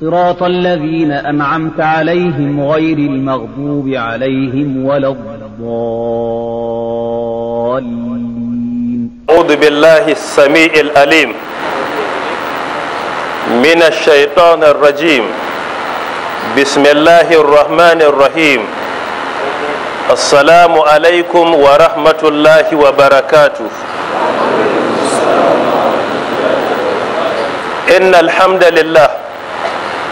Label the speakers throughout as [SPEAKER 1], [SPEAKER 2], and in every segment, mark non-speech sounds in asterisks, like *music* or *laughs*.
[SPEAKER 1] صراط الذين أنعمت عليهم غير المغضوب عليهم ولا الضالين
[SPEAKER 2] أعوذ بالله السميع الأليم من الشيطان الرجيم بسم الله الرحمن الرحيم السلام عليكم ورحمة الله وبركاته إن الحمد لله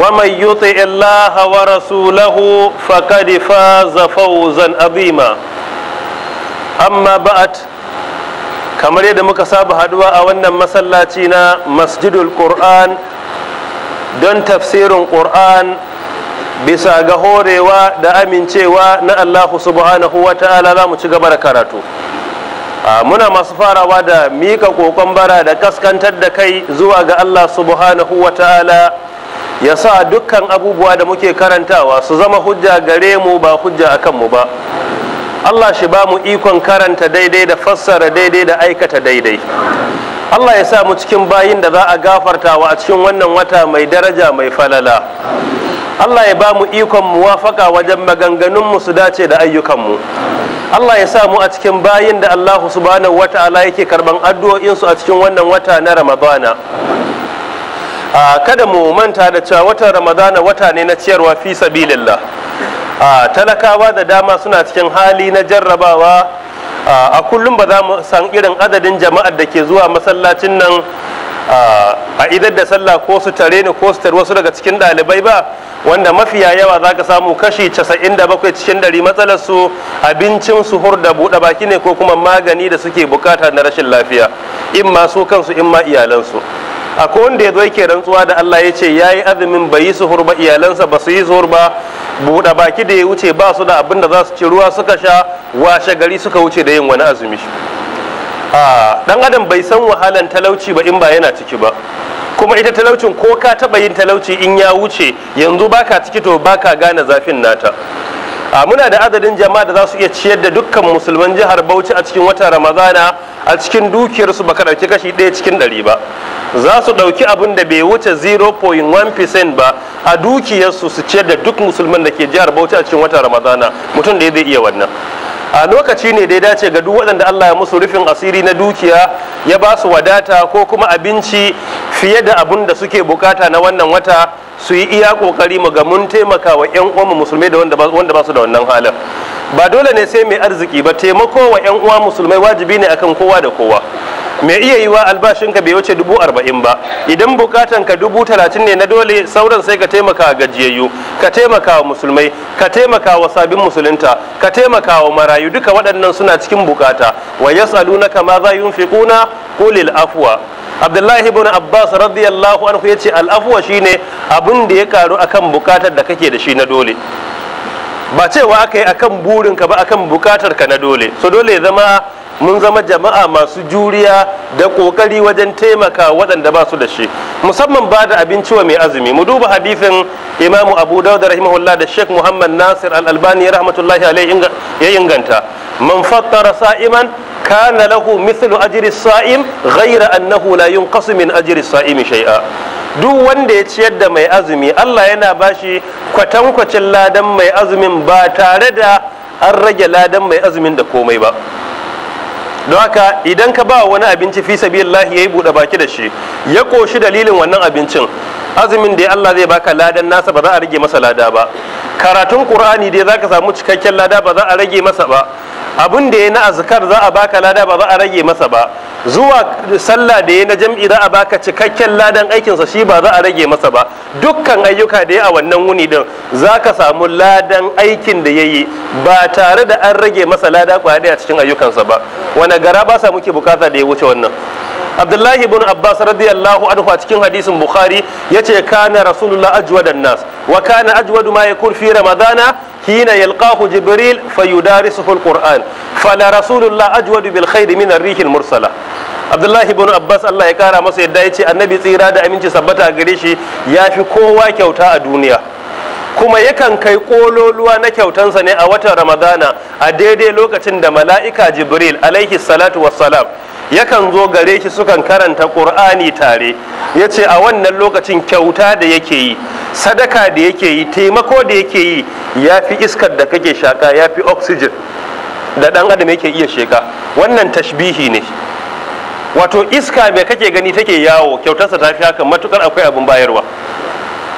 [SPEAKER 2] ومن يطع الله ورسوله فقد فاز فوزا عظيما أما بعد kamar yadda muka saba haduwa a wannan masallaci na masjidul qur'an don tafsirin qur'an bisa ga horewa da amincewa na allahu subhanahu wa ta'ala za mu ci gaba da karatu muna masu farawa da mika kokon bara da kaskantar da kai zuwa ga allah subhanahu wa ta'ala ya sa dukkan abubuwa da muke karantawa su zama hujja gare mu ba hujja a kanmu ba Allah shi ba mu ikon karanta daidai da fassara daidai da aikata daidai Allah ya sa mu cikin bayin da za a gafartawa a cikin wannan wata mai daraja mai falala Allah ya ba mu ikon muwafaka wajen maganganunmu su dace da ayyukanmu Allah ya sa mu a cikin bayin da Allah subhanahu wata'ala yake karban addu'o'insu a cikin wannan wata na Ramadana kada mu manta da cewa watan ramadana wata ne na ciyarwa fi sabilillah talakawa da dama suna cikin hali na jarrabawa a kullum ba za mu san irin adadin jama'ar da ke zuwa masallacin nan a idar da sallah ko su tare ni ko su tare wasu daga cikin ɗalibai ba wanda mafiya yawa za ka samu kashi 97 cikin ɗari matsalar su abincin su hur da buɗe baki ne ko kuma magani da suke bukata na rashin lafiya in ma su kansu in ma iyalansu ko wanda ya zo yake rantsuwa da Allah ya ce ya yi azumin bai yi suhur ba iyalansa ba su yi suhur ba buɗe baki da ya wuce ba su da abin da za su ci ruwa suka sha washe gari suka wuce da yin wani azumi dan adam bai san wahalan talauci ba in ba yana ciki ba kuma ita talaucin ko ka taba yin talauci in ya wuce yanzu baka ciki to baka gane zafin nata a muna da adadin jama'a da za su iya ciyar da dukkan musulman jihar bauchi a cikin watan ramadana a cikin dukiyarsu baka ɗauki kashi ɗaya cikin ɗari ba za su ɗauki abin da bai wuce 0.1% ba a dukiyarsu su ciyar da duk musulman da ke jihar bauchi a cikin watan ramadana mutum da zai iya wannan a lokaci ne da ya dace ga duk waɗanda Allah ya musu rufin asiri na dukiya ya ba su wadata ko kuma abinci fiye da abin da suke bukata na wannan wata su yi iya kokari mu ga mun taimaka wa 'yan uwa musulmai da wanda ba su da wannan halin ba dole ne sai mai arziki ba taimako wa 'yan uwa musulmai wajibi ne akan kowa da kowa mai iya yiwa albashinka bai wuce dubu arba'in ba idan bukatan ka dubu talatin ne na dole sauran sai ka taimaka gajiyayyu ka taimaka wa musulmai ka taimaka wa sabbin musulunta ka taimaka wa marayu duka waɗannan suna cikin bukata wa na ma za yunfiquna Kulil afuwa. abdullahi ibn abbas radiyallahu anhu yace al afwa shine abin da ya karu akan bukatar da kake da shi na dole ba cewa aka yi akan burinka ba akan bukatar ka na dole so dole zama mun zama jama'a masu juriya da kokari wajen taimaka waɗanda ba su da shi musamman ba da abinci wa mai azumi mu duba hadisin imamu abu dauda rahimahullah da sheikh muhammad nasir al-albani rahmatullahi alaihi ya inganta man fattara sa'iman kana lahu mithlu ajri sa'im ghayra annahu la yunqasu min ajri sa'imi shay'a duk wanda ya ciyar da mai azumi Allah yana bashi kwatankwacin ladan mai azumin ba tare da an rage ladan mai azumin da komai ba don haka idan ka ba wani abinci fi ya yi buɗe baki da shi ya ƙoshi dalilin wannan abincin azumin da Allah zai baka ladan nasa ba za a rage masa lada ba karatun qur'ani dai zaka samu cikakken lada ba za a rage masa ba abin da ya na azkar za a baka lada ba za a rage masa ba zuwa sallah da ya na jam'i za a baka cikakken ladan aikinsa shi ba za a rage masa ba dukkan ayyuka da ya a wannan wuni din za ka samu ladan aikin da ya yi ba tare da an rage masa lada kwade a cikin ayyukansa ba wani gara ba sa muke bukata da ya wuce wannan abdullahi ibn abbas radiyallahu anhu a cikin hadisin bukhari yace kana rasulullah ajwadan nas wa kana ajwadu ma yakun fi ramadana hina yalqahu jibril fayudarisuhu alquran fala rasulullah ajwadu bil khairi min ar mursala abdullahi ibn abbas allah ya kara masa yadda ya yace annabi tsira da aminci sabbata gare shi ya fi kowa kyauta a duniya kuma yakan kai kololuwa na kyautansa ne a watan ramadana a daidai lokacin da mala'ika jibril alaihi salatu wassalam yakan zo gare shi sukan karanta ƙur'ani tare ya ce a wannan lokacin kyauta da yake yi sadaka da yake yi taimako da yake yi ya fi iskar da kake shaka ya fi oxygen da ɗan adam yake iya sheka wannan tashbihi ne wato iska mai kake gani take yawo kyautarsa ta fi haka matukar akwai abin bayarwa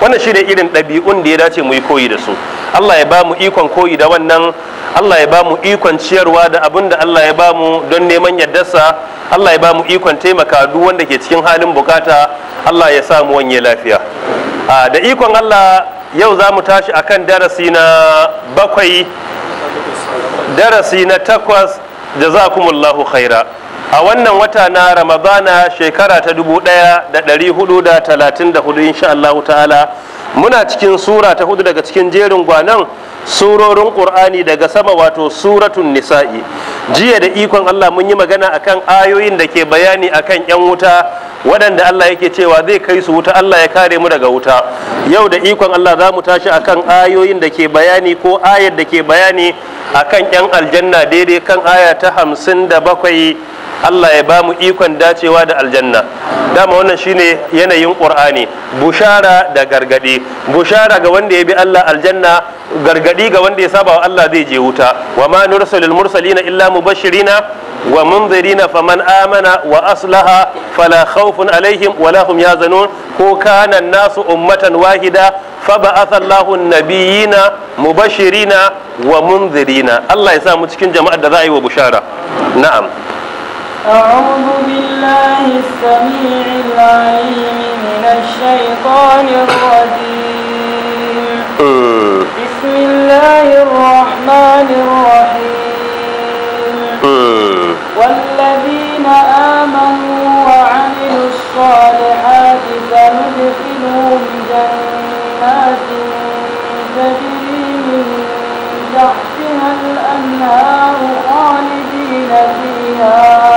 [SPEAKER 2] wannan shine irin ɗabi'un da ya dace mu yi koyi da su Allah ya ba mu ikon koyi da wannan Allah ya ba mu ikon ciyarwa da abin da Allah ya ba mu don neman yaddarsa Allah ya ba mu ikon taimaka duk wanda ke cikin halin bukata Allah ya sa mu wanye lafiya da ikon Allah yau za mu tashi akan darasi na bakwai darasi na takwas jazakumullahu khaira a wannan wata na ramadana shekara ta dubu ɗaya da da da ɗari talatin hudu hudu insha Allah ta'ala muna cikin sura ta hudu daga cikin jerin gwanan surorin qur'ani daga sama wato suratun nisa'i jiya da ikon Allah mun yi magana akan ayoyin da ke bayani akan yan wuta waɗanda Allah yake cewa zai kai su wuta Allah ya kare mu daga wuta yau da ikon Allah za mu tashi akan ayoyin da ke bayani ko ayar da ke bayani akan yan aljanna daidai kan aya ta hamsin da bakwai Allah ya ba mu ikon dacewa da aljanna dama wannan shine yanayin qur'ani bushara da gargadi bushara ga wanda ya bi Allah aljanna gargadi ga wanda ya saba wa Allah zai je wuta wa ma nursalul mursalina illa mubashirina wa munzirina faman amana wa aslaha fala khawfun alaihim wala hum yazanun ko kana nasu ummatan wahida fa ba'atha Allahu nabiyina mubashirina wa munzirina Allah ya sa mu cikin jama'ar da za a yi wa bushara na'am
[SPEAKER 3] أعوذ بالله السميع العليم من الشيطان الرجيم بسم الله الرحمن الرحيم والذين آمنوا وعملوا الصالحات سندخلهم جنات تجري من تحتها الأنهار خالدين فيها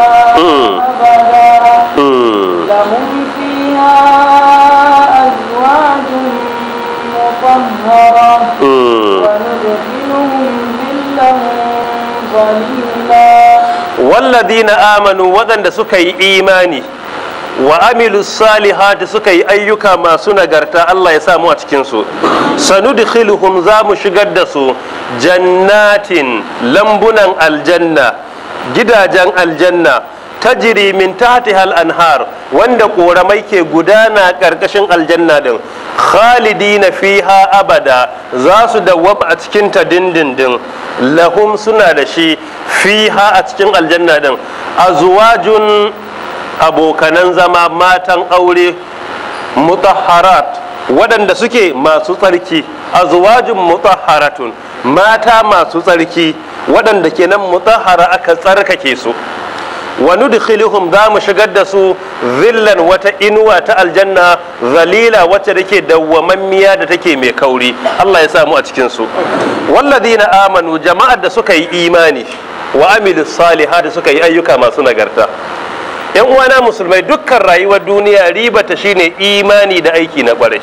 [SPEAKER 2] Walladina Amanu waɗanda suka yi imani wa amilu salihati suka yi ayyuka masu nagarta Allah ya samu a cikinsu sanudkhiluhum za mu shigar da su jannatin lambunan aljanna gidajen aljanna tajiri min tahtihal hal anhar wanda koramai ke gudana karkashin aljanna din khalidina fiha abada za su dawwama a cikin ta dindindin lahum suna da shi fiha a cikin aljanna din azwajun abokanan zama matan aure mutahharat waɗanda suke masu tsarki azwajun mutahharatun mata masu tsarki waɗanda kenan mutahhara aka tsarkake su wa nudkhiluhum za mu shigar da su zillan wata inuwa ta aljanna zalila wacce take dawwamammiya da take mai kauri Allah ya samu a cikin su na amanu jama'ar da suka yi imani wa amilu da suka yi ayyuka masu nagarta yan uwana musulmai dukkan rayuwar duniya riba ta shine imani da aiki na kwarai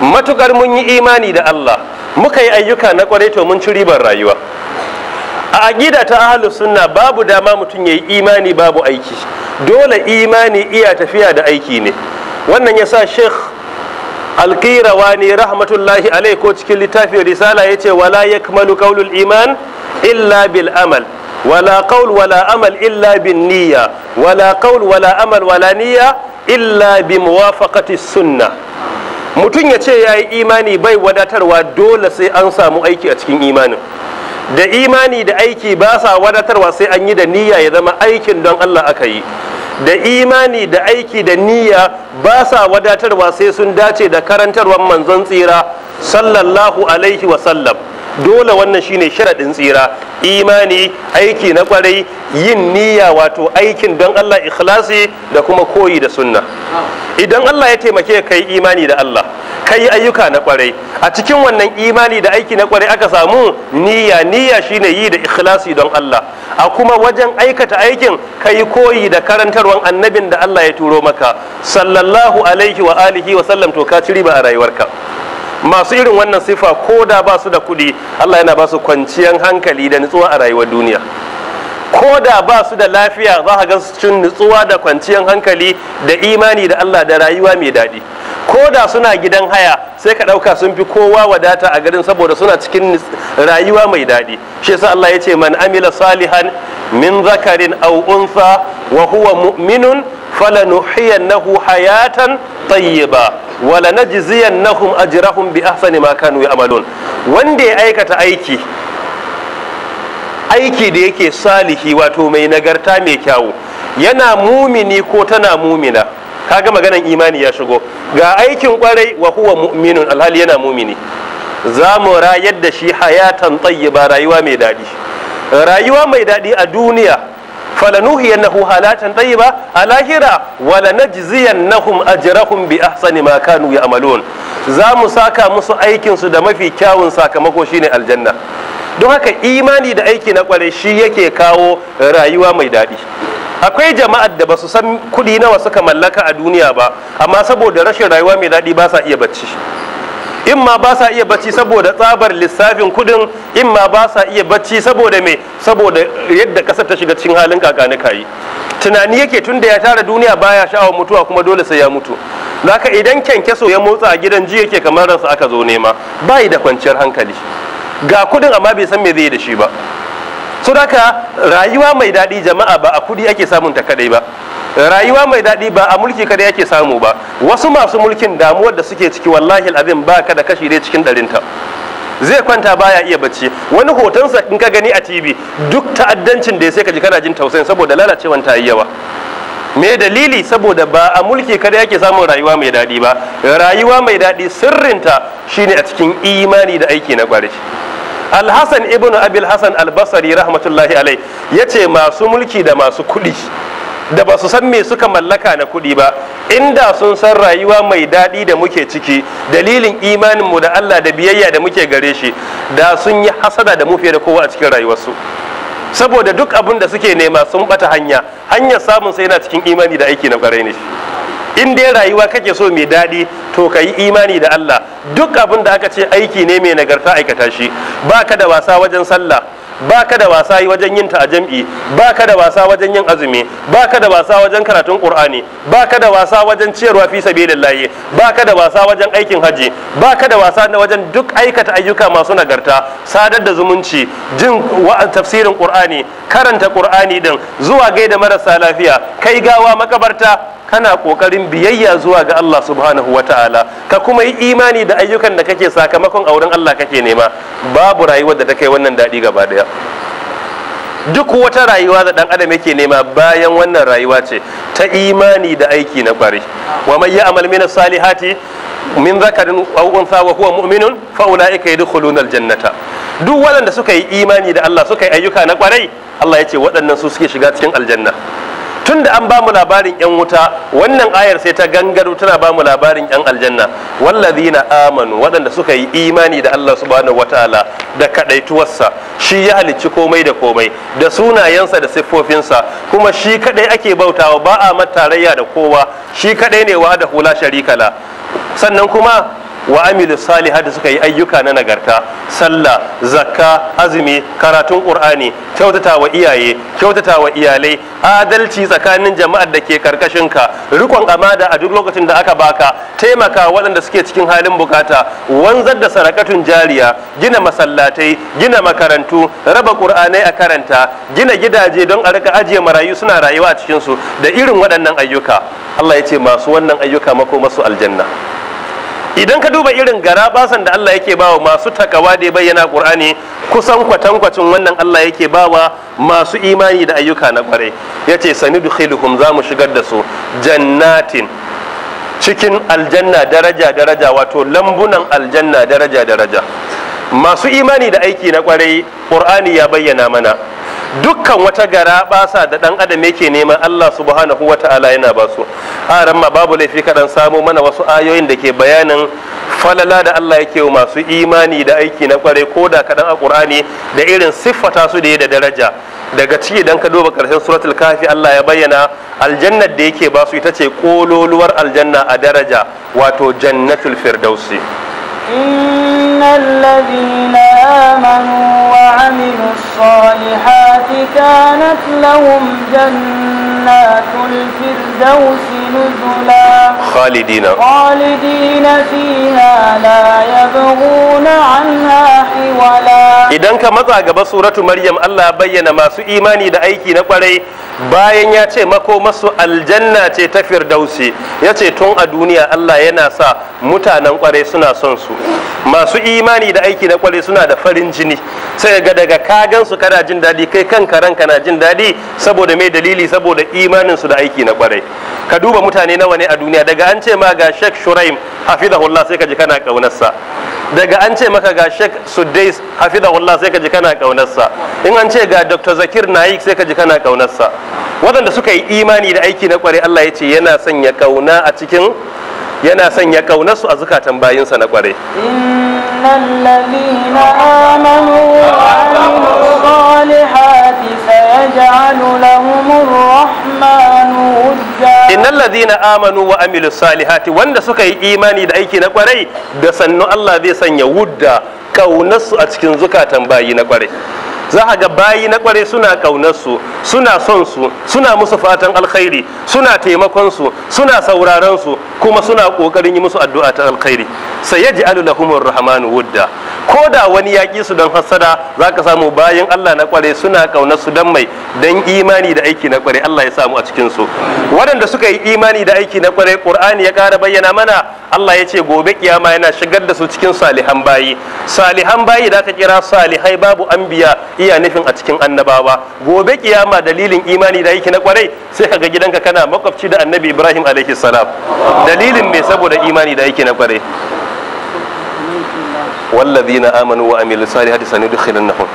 [SPEAKER 2] matukar mun yi imani da Allah muka yi ayyuka na kwarai to mun ci ribar rayuwa a aƙida ta ahlus sunna babu dama mutum ya yi imani babu aiki dole imani iya tafiya da aiki ne wannan ya sa sheikh ne, rahmatullahi alai ko cikin littafin risala ya ce wala yakmalu qaulul iman illa bil amal wala qaul wala amal illa bin niyya wala qaul wala amal wala niyya illa bi muwafakati sunna mutum ya ce ya yi imani bai wadatarwa dole sai an samu aiki a cikin imanin da imani da aiki ba sa wadatarwa sai an yi da niyya ya zama aikin don Allah aka yi da imani da aiki da niyya ba sa wadatarwa sai sun dace da karantarwar manzon tsira sallallahu alaihi wasallam dole wannan shine sharaɗin tsira imani aiki na kwarai yin niyya wato aikin don Allah ikhlasi da kuma koyi da sunna idan Allah ya taimake ka yi imani da Allah ka yi ayyuka na kwarai a cikin wannan imani da aiki na kwarai aka samu niyya niyya shine yi da ikhlasi don Allah a kuma wajen aikata aikin ka yi koyi da karantarwan annabin da Allah ya turo maka sallallahu alaihi wa alihi wa sallam to ka ci riba a rayuwarka masu irin wannan sifa ko da ba su da kuɗi Allah yana ba su kwanciyar hankali da nutsuwa a rayuwar duniya ko da ba su da lafiya za ka ga cin nutsuwa da kwanciyar hankali da imani da Allah da rayuwa mai daɗi ko da suna gidan haya sai ka ɗauka sun fi kowa wadata a garin saboda suna cikin rayuwa mai daɗi shi yasa Allah ya ce man amila salihan min zakarin aw unsa wa huwa mu'minun falanuhiyannahu hayatan tayyiba wa lanajziyannahum ajrahum bi ahsani ma kanu ya'malun wanda ya aikata aiki aiki da yake salihi wato mai nagarta mai kyawu yana mumini ko tana mumina kaga maganan imani ya shigo ga aikin kwarai wa huwa mu'minun alhali yana mumini za mu rayar da shi hayatan tayyiba rayuwa mai daɗi rayuwa mai daɗi a duniya falanuhiyannahu halatan tayyiba a lahira wala najziyannahum ajrahum bi ahsani ma kanu ya'malun za mu saka musu aikin su da mafi kyawun sakamako shine aljanna don haka imani da aiki na kware shi yake kawo rayuwa mai daɗi akwai jama'ar da ba su san kuɗi nawa suka mallaka a duniya ba amma saboda rashin rayuwa mai daɗi ba sa iya bacci in ma ba sa iya bacci saboda tsabar lissafin kuɗin in ma ba sa iya bacci saboda me saboda yadda ƙasar ta shiga cikin halin kakanika yi tunani yake tun da ya tara duniya baya sha'awar mutuwa kuma dole sai ya mutu zaka idan kyankyaso ya motsa a gidan ji yake kamar ransa aka zo nema bayi da kwanciyar hankali ga kudin amma bai san me zai yi da shi ba so haka rayuwa mai daɗi jama'a ba a kudi ake samun ta kadai ba rayuwa mai daɗi ba a mulki kadai ake samu ba wasu masu mulkin damuwar da suke ciki wallahi al'azim ba ka da kashi dai cikin ɗarinta zai kwanta baya iya bacci wani hotonsa in ka gani a tv duk ta'addancin da ya sai ka ji kana jin tausayin saboda lalacewan ta yi yawa me dalili saboda ba a mulki kada yake samun rayuwa mai daɗi ba rayuwa mai daɗi sirrinta shine a cikin imani da aiki na ƙwarai alhassan ibnu abil hassan albasari rahmatullahi alai ya ce masu mulki da masu kuɗi da ba su san me suka mallaka na kuɗi ba inda sun san rayuwa mai daɗi da muke ciki dalilin imaninmu da allah da biyayya da muke gare shi da sun yi hasada da mu fiye da kowa a cikin rayuwarsu saboda duk abin da suke nema sun bata hanya hanyar samun sai yana cikin imani da aiki na kwarai ne in dai rayuwa kake so mai daɗi to ka yi imani da Allah duk abin da aka ce aiki ne mai nagarta aikata shi baka da wasa wajen sallah ba ka da wasa wajen yin ta a jam'i ba ka da wasa wajen yin azumi ba ka da wasa wajen karatun qur'ani ba ka da wasa wajen ciyarwa fi sabilillahi ba ka da wasa wajen aikin haji ba ka da wasa na wajen duk aikata ayyuka masu nagarta sadar da zumunci jin tafsirin qur'ani karanta qur'ani din zuwa gaida marasa lafiya kai gawa makabarta kana kokarin biyayya zuwa ga Allah subhanahu wa ta'ala ka kuma yi imani da ayyukan da kake sakamakon auren Allah kake nema babu rayuwar da ta kai wannan daɗi gaba ɗaya duk wata rayuwa da dan adam yake nema bayan wannan rayuwa ce ta imani da aiki na kwari wa man ya'mal min salihati min zakarin aw untha wa huwa mu'minun fa ulaika yadkhuluna aljannata duk waɗanda suka yi imani da Allah suka yi ayyuka na kwarai Allah ya ce waɗannan su suke shiga cikin aljanna tun da an bamu labarin yan wuta wannan ayar sai ta gangaro tana bamu labarin yan aljanna wallazina amanu waɗanda suka yi imani da Allah subhanahu wataala da kadaituwarsa shi ya halicci komai da komai da sunayensa da siffofinsa kuma shi kadai ake bautawa ba a matarayya da kowa shi kadai ne wa da hula sharikala sannan kuma wa amilu da suka yi ayyuka na nagarta sallah zakka azumi karatun qur'ani kyautata wa iyaye kyautata wa iyalai adalci tsakanin jama'ar da ke karkashin ka rikon amada a duk lokacin da aka baka taimaka waɗanda suke cikin halin bukata wanzar da sarakatun jariya gina masallatai gina makarantu raba qur'anai a karanta gina gidaje don a rika ajiye marayu suna rayuwa a cikin su da irin waɗannan ayyuka Allah ya ce masu wannan ayyuka mako masu aljanna idan ka duba irin garabasan da Allah yake bawa masu takawa da bayyana Qur'ani kusan kwatankwacin wannan Allah yake bawa masu imani da ayyuka na kwarai yace za mu shigar da su jannatin cikin aljanna daraja daraja wato lambunan aljanna daraja daraja masu imani da aiki na kwarai Qur'ani ya bayyana mana dukkan wata gara basa da dan adam yake neman Allah subhanahu wata'ala yana ba su haran ma babu laifi kaɗan samo mana wasu ayoyin da ke bayanin falala da Allah yake wa masu imani da aiki na kware ko da kaɗan a Qur'ani da irin siffata su da ya da daraja daga ciki dan ka duba karshen suratul kafi Allah ya bayyana aljannar da yake ba su ita ce kololuwar aljanna a daraja wato jannatul firdausi mm. إن الذين
[SPEAKER 3] آمنوا وعملوا الصالحات كانت لهم جنات الفردوس نزلا خالدين خالدين فيها لا يبغون عنها
[SPEAKER 2] idan ka matsa gaba suratu maryam Allah bayyana masu imani da aiki na kwarai bayan ya ce mako masu aljanna ce ta firdausi ya ce tun a duniya Allah yana sa mutanen kwarai suna son su masu imani da aiki na kwarai suna da farin jini sai ga daga kagan su kana jin daɗi kai kanka ranka na jin daɗi saboda mai dalili saboda imanin su da aiki na kwarai ka duba mutane nawa ne a duniya daga an ce ma ga Sheikh Shuraim hafizahullah sai ka ji kana kaunarsa daga an ce maka ga Sheikh Suddais hafizahullah sai ka ji kana kaunarsa in an ce ga Dr. Zakir Naik sai ka ji kana kaunarsa waɗanda suka yi imani da aiki na kware Allah ya ce yana sanya kauna a cikin yana sanya kaunarsu a zukatan bayinsa na kware
[SPEAKER 3] الذين آمنوا وعملوا الصالحات
[SPEAKER 2] innal ladina amanu wa amilu salihati wanda suka yi imani da aiki na kwarai da sannu Allah zai sanya wudda kaunarsu a cikin zukatan bayi na kwarai za a ga bayi na kwarai suna ƙaunarsu suna son su suna musu fatan alkhairi suna taimakon su suna sauraron su kuma suna ƙoƙarin yi musu addu'a ta alkhairi sayaj'alu lahumur rahmanu wudda ko da wani yaƙi su don hassada ka samu bayan Allah na kware suna kauna su dan mai dan imani da aiki na kware Allah ya samu a cikin waɗanda suka yi imani da aiki na kware Qur'ani ya ƙara bayyana mana Allah ya ce gobe kiyama yana shigar da su cikin salihan bayi salihan bayi da aka kira salihai babu anbiya iya nufin a cikin annabawa gobe kiyama dalilin imani da aiki na kwarai sai kaga gidanka kana makwabci da annabi Ibrahim alaihi salam dalilin mai saboda imani da aiki na kwarai والذين آمنوا وعملوا الصالحات سندخلنهم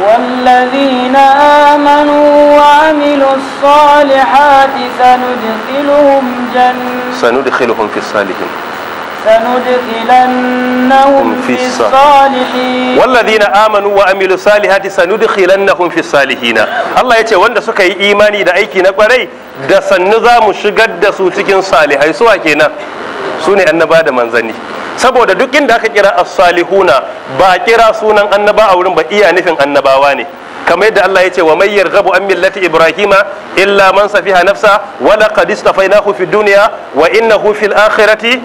[SPEAKER 3] والذين آمنوا وعملوا الصالحات سندخلهم جنة
[SPEAKER 2] سندخلهم في الصالحين
[SPEAKER 3] سندخلنهم في الصالحين والذين
[SPEAKER 2] آمنوا وعملوا الصالحات سندخلنهم في الصالحين الله يتي wanda suka yi imani da aiki na kwarai da sannu za mu shigar da su cikin salihai suwa kenan su ne annaba da manzanni saboda duk inda aka kira as-salihuna ba kira sunan annaba a wurin ba iya nufin annabawa ne kamar yadda Allah ya ce wa mayyar gabu an millati ibrahima illa man safiha nafsa wa laqad istafainahu fid dunya wa innahu fil akhirati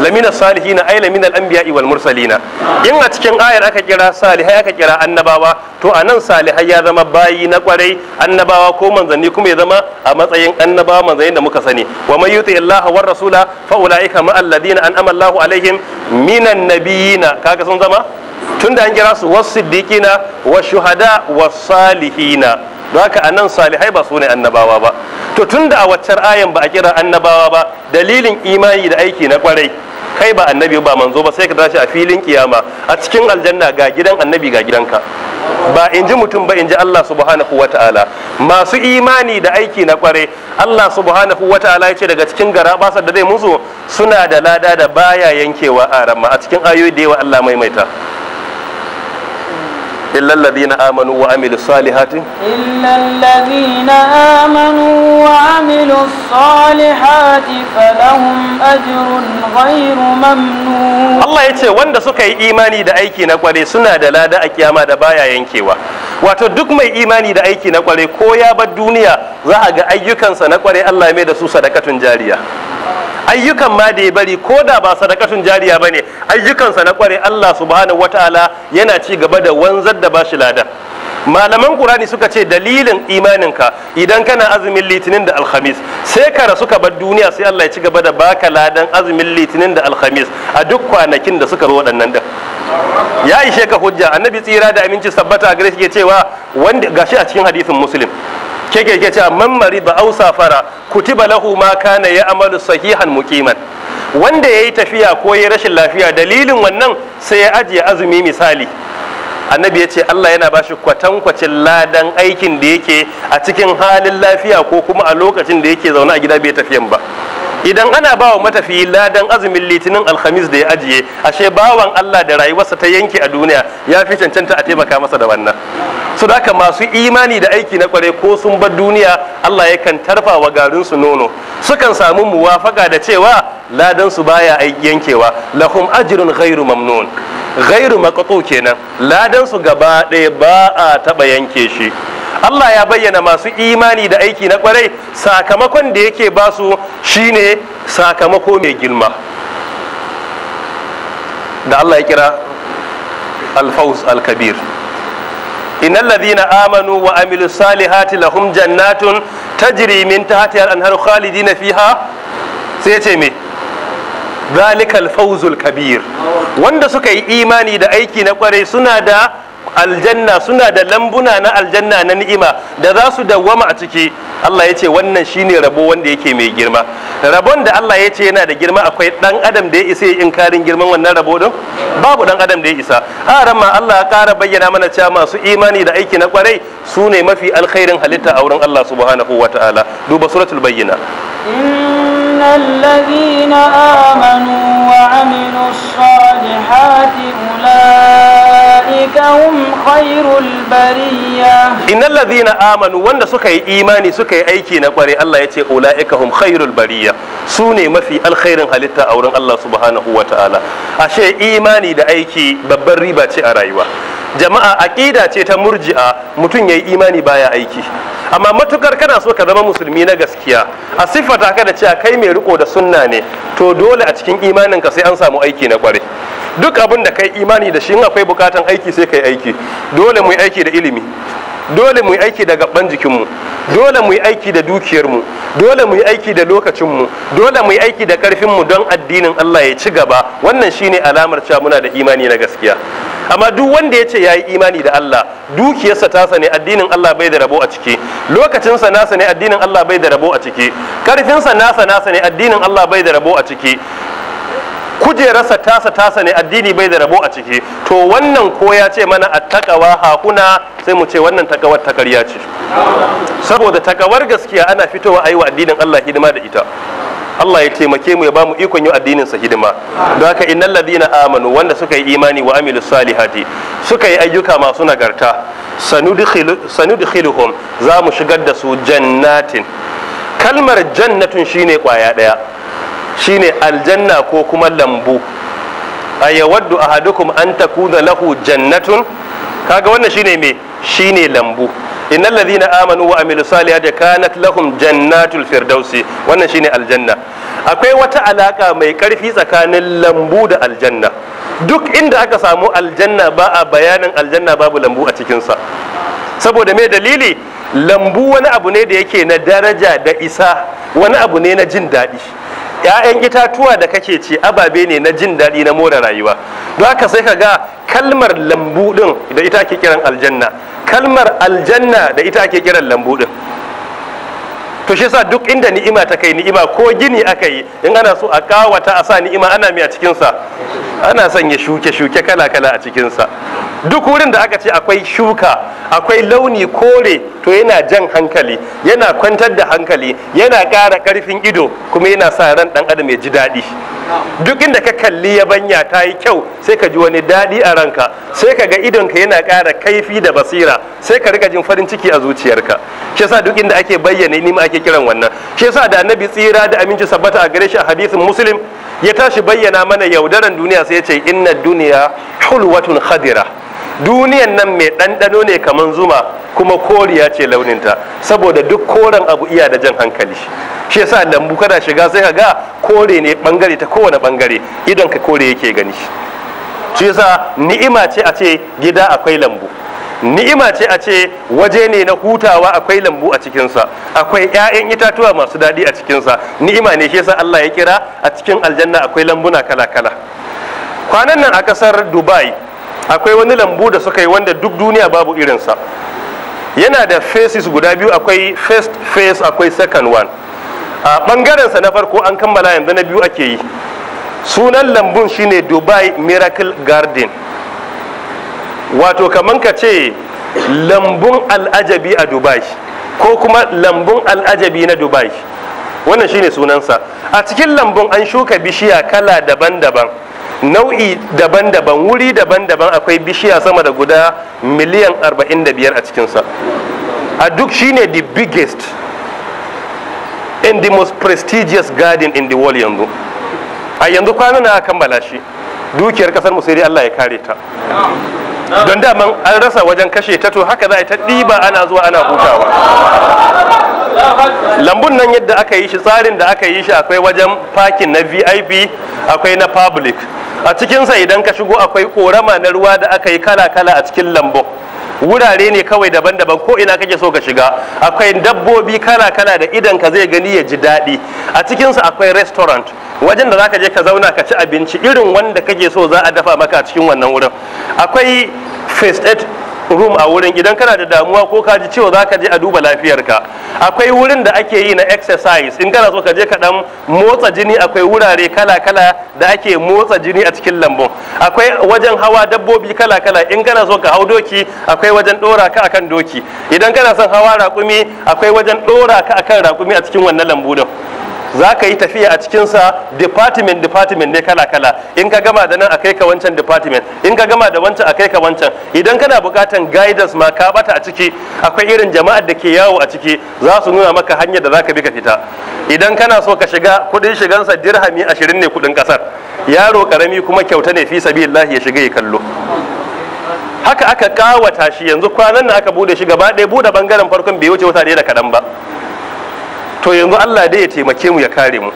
[SPEAKER 2] lamina salihina ay lamina al iwal wal mursalina in a cikin ayar aka kira salihai aka kira annabawa to a nan salihai ya zama bayi na kwarai annabawa ko manzanni kuma ya zama a matsayin annabawa manzanni da muka sani wa may yuti illaha war rasula fa ulaika ma alladina an'ama Allahu alaihim minan nabiyina kaga sun zama tunda an kira su was-siddiqina wash-shuhada was-salihina don haka anan salihai ba su ne annabawa ba to tunda a waccar ayan ba a kira annabawa ba dalilin imani da aiki na kwarai kai ba annabi ba manzo ba sai ka tashi a filin kiyama a cikin aljanna ga gidan annabi ga gidanka ba in ji mutum ba in ji Allah subhanahu wa ta'ala masu imani da aiki na kware Allah subhanahu wa ta'ala ya ce daga cikin gara basar da zai musu suna da lada da baya yankewa a ramma a cikin ayoyi da yawa Allah maimaita إلا الذين آمنوا وعملوا الصالحات
[SPEAKER 3] إلا الذين آمنوا وعملوا الصالحات فلهم أجر غير ممنون
[SPEAKER 2] الله يتي wanda suka yi imani da aiki na kware suna da lada a kyama da baya yankewa wato duk mai imani da aiki na kware ko ya bar duniya za a ga ayyukansa na kware Allah mai da su sadakatun jariya ayyukan ma da ya bari ko da ba sadakatun jariya ba ne ayyukansa na kware Allah subhanahu wataala yana ci gaba da wanzar da ba shi lada malaman qur'ani suka ce dalilin imaninka idan kana azumin litinin da alhamis sai ka rasu ka bar duniya sai Allah ya ci gaba da baka ladan azumin litinin da alhamis a duk kwanakin da suka zo waɗannan din ya ishe ka hujja annabi tsira da aminci sabbata a gare shi ke cewa wanda gashi a cikin hadisin muslim ke ke cewa man marida aw safara kutiba lahu ma kana ya amalu sahihan muqiman wanda yayi tafiya ko yayi rashin lafiya dalilin wannan sai ya ajiye azumi misali annabi ya ce Allah yana bashi kwatankwacin ladan aikin da yake a cikin halin lafiya ko kuma a lokacin da yake zaune a gida bai tafiyan ba idan ana bawa matafiyi ladan azumin litinin alhamis da ya ajiye ashe bawan Allah da rayuwarsa ta yanke a duniya ya fi cancanta a taimaka masa da wannan su da haka masu imani da aiki na kware ko sun bar duniya Allah yakan tarfa wa garin su nono sukan samu muwafaka da cewa ladan su baya yankewa lahum ajrun ghairu mamnun ghairu maqtu kenan ladan su gaba ɗaya ba a taba yanke shi Allah ya bayyana masu imani da aiki na kwarai sakamakon da yake basu shine sakamako mai girma da Allah ya kira alfaus alkabir innal ladina amanu wa amilu salihati lahum jannatun tajri min tahtiha al anhar khalidina fiha sai ce me zalikal fawzul kabir wanda suka yi imani da aiki na kwarai suna da aljanna suna da lambuna na aljanna na ni'ima da za su dawwama a ciki Allah ya ce wannan shine rabo wanda yake mai girma rabon da Allah ya ce yana da girma akwai dan adam da ya isa ya karin girman wannan rabo din babu dan adam da ya isa a ma Allah ya kara bayyana mana cewa masu imani da aiki na kwarai su ne mafi alkhairin halitta a wurin Allah subhanahu wataala duba suratul bayyina
[SPEAKER 3] إن الذين آمنوا وعملوا الصالحات أولئك هم خير البرية
[SPEAKER 2] إن الذين آمنوا وند سكي إيماني سكي أيكي نقري الله يتي أولئك هم خير البرية سوني ما في الخير هلتا أورن الله سبحانه وتعالى أشي إيماني دا أيكي ببريبة أرايوه jama'a aƙida ce ta murji'a mutum ya yi imani baya aiki amma matukar kana so ka zama musulmi na gaskiya a siffata ka da cewa kai mai riko da sunna ne to dole a cikin imanin ka sai an samu aiki na kware duk abin da kai imani da shi akwai bukatan aiki sai kai aiki dole mu yi aiki da ilimi dole mu yi aiki da gaban jikinmu dole mu yi aiki da dukiyarmu dole mu yi aiki da lokacinmu dole mu yi aiki da karfinmu don addinin Allah ya ci gaba wannan shine alamar cewa muna da imani na gaskiya amma duk wanda ya ce ya yi imani da Allah dukiyarsa ta sane addinin Allah bai da rabo a ciki lokacinsa nasa ne addinin Allah bai da rabo a ciki karfinsa nasa nasa ne addinin Allah bai da rabo a ciki kujerarsa tasa tasa ne addini bai da rabo a ciki to wannan ko ya ce mana a takawa hakuna sai mu ce wannan takawar ta karya ce saboda takawar gaskiya ana fitowa ayi wa addinin Allah hidima da ita Allah ya taimake mu ya ba mu ikon yi addinin sa hidima don haka innal ladina amanu wanda suka yi imani wa amilus salihati suka yi ayyuka masu nagarta sanudkhiluhum za mu shigar da su jannatin kalmar jannatin shine kwaya daya shine aljanna ko kuma lambu a waddu ahadukum an takuna lahu jannatun kaga wannan shine me shine lambu innal ladhina amanu wa amilu salihati kanat lahum jannatul firdausi wannan shine aljanna akwai wata alaka mai karfi tsakanin lambu da aljanna duk inda aka samu aljanna ba a bayanin aljanna babu lambu a cikinsa saboda me dalili lambu wani abu ne da yake na daraja da isa wani abu ne na jin daɗi 'ya'yan itatuwa da kake ci ababe ne na jin daɗi na more rayuwa don haka sai ka ga kalmar lambu ɗin da ita ake kiran aljanna kalmar aljanna da ita ake kiran lambu ɗin to shi yasa duk inda ni'ima ta kai ni'ima ko gini aka yi in ana so a kawata a sa ni'ima ana mai a cikinsa ana sanya shuke-shuke kala-kala a cikinsa duk wurin da aka ce akwai shuka akwai launi kore to yana jan hankali yana kwantar da hankali yana ƙara ƙarfin ido kuma yana sa ran ɗan adam ya ji daɗi duk inda ka kalli yabanya ta yi kyau sai ka ji wani daɗi a ranka sai ka ga idonka yana ƙara kaifi da basira sai ka riga jin farin ciki a zuciyarka shi yasa duk inda ake bayyana ni ma ake kiran wannan shi yasa da annabi tsira da aminci sabbata a gare shi a hadisin muslim ya tashi bayyana mana yaudaran duniya sai ya ce inna duniya hulwatun khadira duniyan nan mai ɗanɗano ne kamar zuma kuma koriya ce launinta saboda duk koren abu iya da jan hankali shi yasa lambu kana shiga sai ka ga kore ne bangare ta kowane bangare idan ka kore yake gani shi yasa ni'ima ce a ce gida akwai lambu ni'ima ce a ce waje ne na hutawa akwai lambu a cikinsa akwai 'ya'yan itatuwa masu daɗi a cikinsa ni'ima ne shi yasa Allah ya kira a cikin aljanna akwai lambuna kala-kala kwanan nan a ƙasar dubai akwai wani lambu da suka yi wanda duk duniya babu irinsa yana da faces guda biyu akwai first face akwai second one a ɓangarensa na farko an kammala yanzu na biyu ake yi sunan lambun shine dubai miracle garden wato kamar ka ce lambun al'ajabi a dubai ko kuma lambun al'ajabi na dubai wannan shine sunansa a cikin lambun an shuka bishiya kala daban-daban nau'i daban-daban wuri daban-daban akwai bishiya sama da guda miliyan 45 a cikinsa a duk shine the biggest and the most prestigious garden in the world yanzu a yanzu kwana na kammala shi dukiyar kasar musiri Allah ya kare ta don daman an rasa wajen kashe ta to haka za a ta ɗiba ana zuwa ana hutawa lambun nan yadda aka yi shi tsarin da aka yi shi akwai wajen parking na vip akwai na public a cikinsa idan ka shigo akwai korama na ruwa da aka yi kala-kala a cikin lambun wurare ne kawai daban-daban ko ina kake so ka shiga akwai dabbobi kala-kala da idan ka zai gani ya ji daɗi a cikinsa akwai restaurant wajen da zaka je ka zauna ka ci abinci irin wanda kake so za a dafa maka a cikin wannan wurin akwai first aid room a wurin idan kana da damuwa ko ka ji cewa za ka je a duba lafiyarka akwai wurin da ake yi na exercise in kana so ka je ka motsa jini akwai wurare kala-kala da ake motsa jini a cikin lambun akwai wajen hawa dabbobi kala-kala in kana so ka hau doki akwai wajen dora ka akan doki idan kana son hawa raƙumi akwai wajen dora ka akan raƙumi a cikin wannan lambu din za ka yi tafiya a cikinsa department department ne kala kala in ka gama da nan a kai ka wancan department in ka gama da wancan a kai ka wancan idan kana bukatan guidance ma ka bata a ciki akwai irin jama'ar da ke yawo a ciki za su nuna maka hanyar da za ka bi ka fita idan kana so ka shiga kudin shigansa dirhami ashirin ne kudin kasar yaro karami kuma kyauta ne fi sabilillahi ya shiga ya kallo haka aka kawata shi yanzu kwanan nan aka bude shi gaba ɗaya bude bangaren farkon bai wuce wata ɗaya da kaɗan ba to yanzu Allah dai ya taimake mu ya kare mu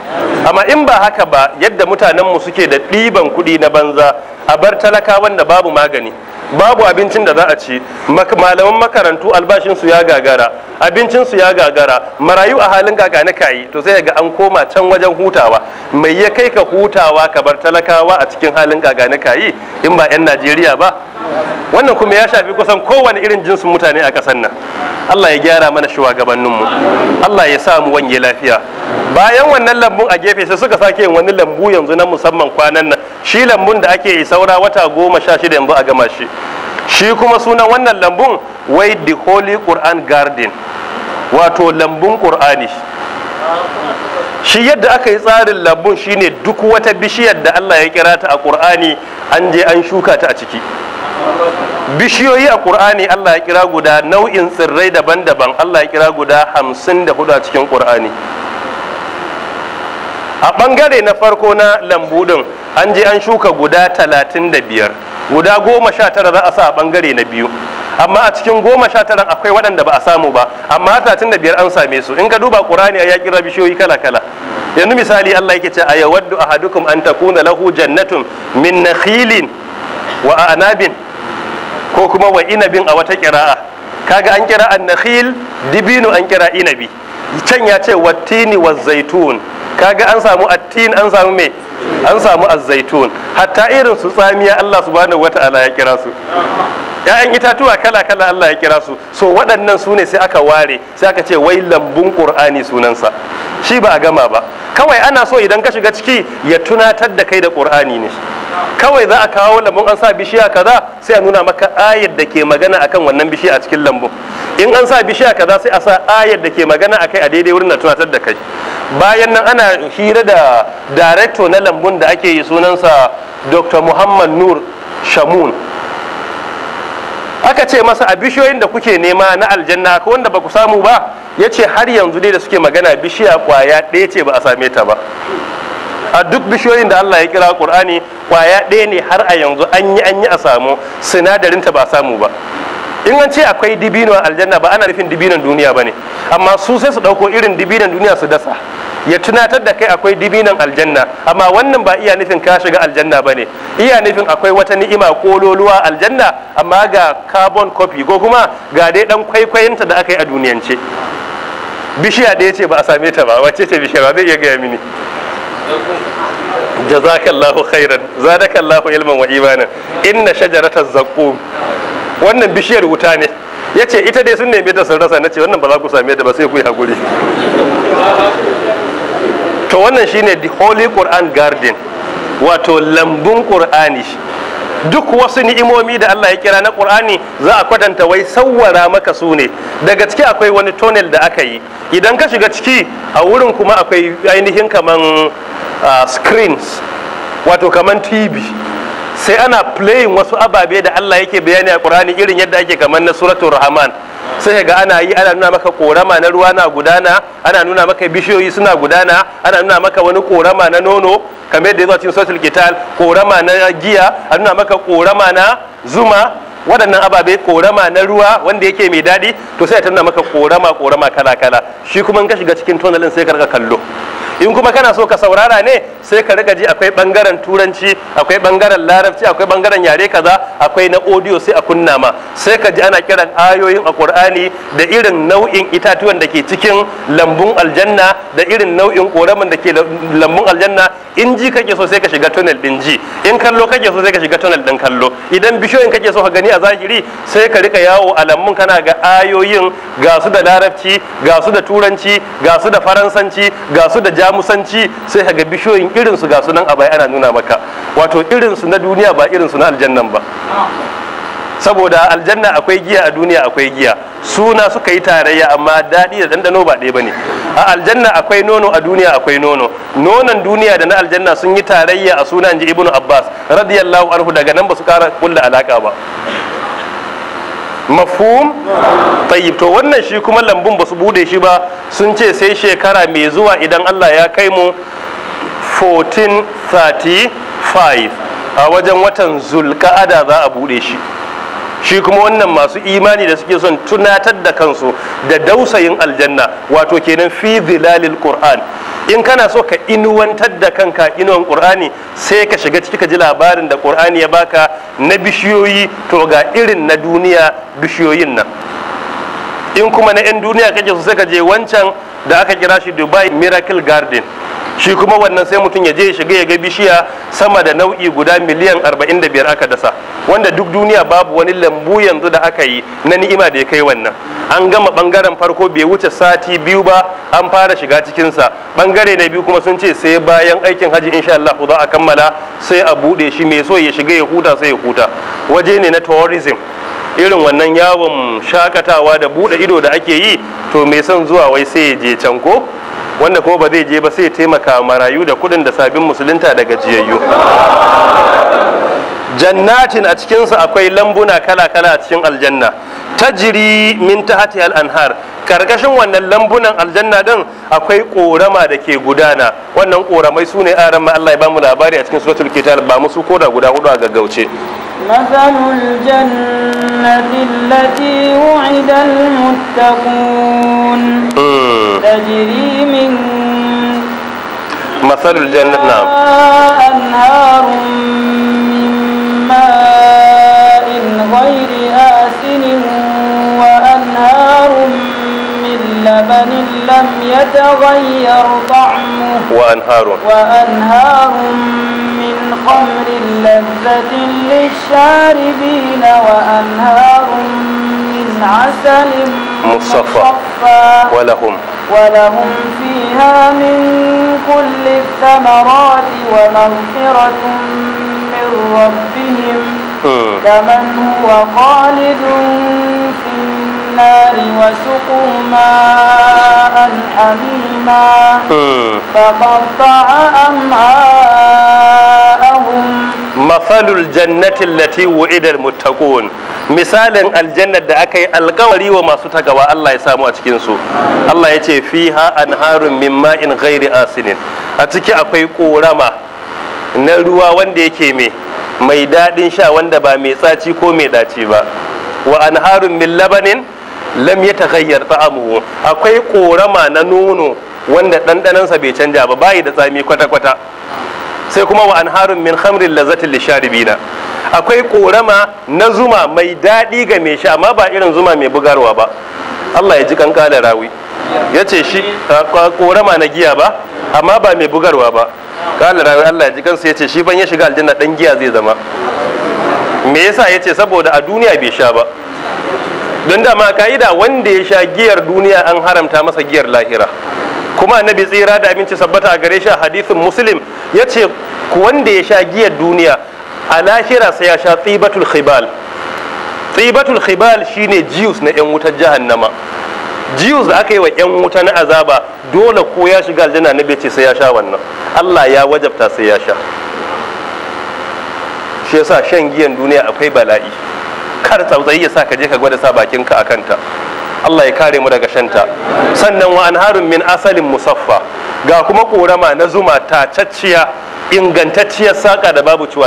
[SPEAKER 2] amma in ba haka ba yadda mutanen mu suke da ɗiban kuɗi na banza a bar talaka wanda babu magani babu abincin da za a ci malaman makarantu albashinsu ya gagara abincinsu ya gagara marayu a halin gaga na kayi to sai ga an koma can wajen hutawa mai ya kai ka hutawa ka bar talakawa a cikin halin gaga na kayi in ba 'yan najeriya ba wannan kuma ya shafi kusan kowane irin jinsin mutane a ƙasar nan Allah ya gyara mana shugabanninmu Allah ya sa mu wanye lafiya bayan wannan lambun a gefe sai suka sake yin wani lambu yanzu na musamman kwanan nan shi lambun da ake yi saura wata goma sha shida yanzu a gama shi shi kuma sunan wannan lambun wai the holy quran garden wato lambun qur'ani shi yadda aka yi tsarin lambun shine duk wata bishiyar da Allah ya kira ta a qur'ani an je an shuka ta a ciki bishiyoyi a ƙur'ani allah ya kira guda nau'in tsirrai daban-daban allah ya kira guda hamsin da hudu a cikin ƙur'ani a ɓangare na farko na lambu ɗin an je an shuka guda talatin da biyar guda goma sha tara za a sa a ɓangare na biyu amma a cikin goma sha tara akwai waɗanda ba a samu ba amma talatin da biyar an same su in ka duba ƙur'ani ya kira bishiyoyi kala-kala yanzu misali allah yake ce a yawaddu ahadukum an takuna lahu jannatun min nakhilin wa anabin ko kuma wa inabin a wata kira'a kaga an kira annakhil dibinu an kira inabi can ya ce watini wa zaitun kaga an samu attin an samu me an samu azzaitun hatta irin su tsamiya Allah subhanahu wata'ala ya kira su ‘ya'yan itatuwa kala-kala Allah ya kira su so waɗannan su ne sai aka ware sai aka ce wai lambun ƙur'ani sunansa shi ba a gama ba kawai ana so idan ka shiga ciki ya tunatar da kai da ƙur'ani ne kawai za a kawo lambun an sa bishiya kaza sai a nuna maka ayar da ke magana akan wannan bishiya a cikin lambun in an sa bishiya kaza sai a sa ayar da ke magana akai a daidai wurin na tunatar da kai bayan nan ana hira da director na lambun da ake yi sunansa dr muhammad nur shamun aka ce masa a bishiyoyin da kuke nema na aljanna ko wanda ba ku samu ba ya ce har yanzu dai da suke magana bishiya kwaya ɗaya ce ba a same ta ba a duk bishiyoyin da Allah ya kira Qur'ani kwaya ɗaya ne har a yanzu an yi an yi a samu sinadarin ta ba samu ba in an ce akwai dibinon aljanna ba ana nufin dibinon duniya ba ne amma su sai su ɗauko irin dibinon duniya su dasa ya tunatar da kai akwai dibinan aljanna amma wannan ba iya nufin ka shiga aljanna ba ne iya nufin akwai wata ni'ima kololuwa aljanna amma ga carbon copy ko kuma ga dai dan kwaikwayinta da aka yi a duniyance bishiya ɗaya ce ba a same ta ba wacce ce bishiya ba zai iya gaya mini jazakallahu khairan zadakallahu ilman wa imanan inna shajarata zaqqum wannan bishiyar wuta ne yace ita dai sun nemi ta sun rasa nace wannan ba za ku same ta ba sai ku yi hakuri to wannan shine the holy quran garden wato lambun qur'ani duk wasu ni'imomi da Allah ya kira na Qur'ani za a kwatanta wai sawwara maka su ne daga ciki akwai wani tunnel da aka yi idan ka shiga ciki a wurin kuma akwai ainihin kaman screens wato kaman TV sai ana playing wasu ababe da Allah yake bayani a Qur'ani irin yadda ake kaman na suratul Rahman sai ga ana yi ana nuna maka korama na ruwa na gudana ana nuna maka bishiyoyi suna gudana ana nuna maka wani korama na nono kamar yadda yazo cikin social kital korama na giya a nuna maka korama na zuma waɗannan ababe korama na ruwa wanda yake mai daɗi to sai ta nuna maka korama korama kala kala shi kuma in ka shiga cikin tunalin sai ka kallo in kuma kana so ka saurara ne sai ka riga ji akwai bangaren turanci akwai bangaren larabci akwai bangaren yare kaza akwai na audio sai a kunna ma sai ka ji ana kiran ayoyin a qur'ani da irin nau'in itatuwan da ke cikin lambun aljanna da irin nau'in koramin da ke lambun aljanna in ji kake so sai ka shiga tunnel din ji in kallo kake so sai ka shiga tunnel din kallo idan bishiyoyin kake so ka gani a zahiri sai ka rika yawo a lambun kana ga ayoyin ga su da larabci ga su da turanci ga su da faransanci ga su da musanci sai ka ga bishiyoyin irin su ga sunan a baya ana nuna maka wato irin su na duniya ba irin su na aljannan ba saboda aljanna akwai giya a duniya akwai giya suna suka yi tarayya amma daɗi da dandano ba ɗaya bane a aljanna akwai nono a duniya akwai nono nonon duniya da na aljanna sun yi tarayya a sunan ji ibnu abbas radiyallahu anhu daga nan ba su kara kulla alaka ba mafhum tayyib to wannan shi kuma lambun ba su bude shi ba sun ce sai shekara mai zuwa idan Allah ya kai mu 1435 a wajen watan zulka'ada za a bude shi shi kuma wannan masu imani da suke son tunatar da kansu da dausayin aljanna wato kenan fi zilalil qur'an in kana so ka inuwantar da kanka inuwan qur'ani sai ka shiga ciki ka ji labarin da qur'ani ya baka na bishiyoyi to ga irin na duniya bishiyoyin nan in kuma na 'yan duniya kake so sai ka je wancan da aka kira shi dubai miracle garden shi kuma wannan sai mutum ya je shiga ya ga bishiya sama da nau'i guda miliyan 45 aka dasa wanda duk duniya babu wani lambu yanzu da aka yi na ni'ima da ya kai wannan an gama bangaren farko bai wuce sati biyu ba an fara shiga cikinsa bangare na biyu kuma sun ce sai bayan aikin haji insha Allah za a kammala sai a buɗe shi mai so ya shiga ya huta sai ya huta waje ne na tourism irin wannan yawon shakatawa da buɗe ido da ake yi to mai son zuwa wai sai je can ko wanda ko ba zai je ba sai taimaka marayu da kuɗin da sabbin musulunta daga jiyayyu jannatin a cikinsa akwai lambuna kala-kala a cikin aljanna tajiri min tahti al-anhar karkashin wannan lambunan aljanna din akwai korama da ke gudana wannan koramai sune aran ma Allah ya bamu labari a cikin suratul kitab ba musu koda guda hudu a gaggauce
[SPEAKER 3] مثل الجنة التي وعد المتقون تجري من
[SPEAKER 2] مثل الجنة نعم
[SPEAKER 3] أنهار من ماء غير آسن وأنهار من لبن لم يتغير طعمه وأنهار وأنهار من خمر لذة للشاربين وأنهار من عسل
[SPEAKER 2] مصفى ولهم
[SPEAKER 3] ولهم فيها من كل الثمرات ومغفرة من ربهم كمن هو خالد النار jannatin ماء حميما hmm. فقطع أمعاءهم
[SPEAKER 2] misalin aljannar da aka yi alkawari wa masu tagawa Allah ya samu a cikinsu Allah ya ce fiha anharun min ma'in ghairi asinin a ciki akwai ƙorama na ruwa wanda yake me mai daɗin sha wanda ba mai tsaci ko mai ɗaci ba wa anharun min labanin lam ya ta ta'amuhu akwai korama na nono wanda ɗanɗanansa bai canja ba bayi da tsami kwata-kwata sai kuma wa anharun min khamrin lazzatin lisharibina akwai korama na zuma mai daɗi ga mai sha amma ba irin zuma mai bugarwa ba Allah ya ji kanka da rawi ya ce shi korama na giya ba amma ba mai bugarwa ba kala rawi Allah ya ji kansa ya ce shi ban ya shiga aljanna dan giya zai zama me yasa ya ce saboda a duniya bai sha ba don dama ka'ida wanda ya sha giyar duniya an haramta masa giyar lahira kuma bi tsira da abinci sabbata a gare shi a hadisin muslim ya ce wanda ya sha giyar duniya a lahira sai ya sha tsibatul khibal tsibatul khibal shine jiyus na yan wutar jahannama jiyus da aka yi wa yan wuta na azaba dole ko ya shiga aljanna na bai ce sai ya sha wannan allah ya wajabta sai ya sha shi yasa shan giyan duniya akwai bala'i kar tsautsayi ya sa ka je ka gwada sa bakin ka a kanta Allah ya kare mu daga shanta sannan wa anharun min asalin musaffa ga kuma korama na zuma tacacciya ingantacciyar saka da babu ciwa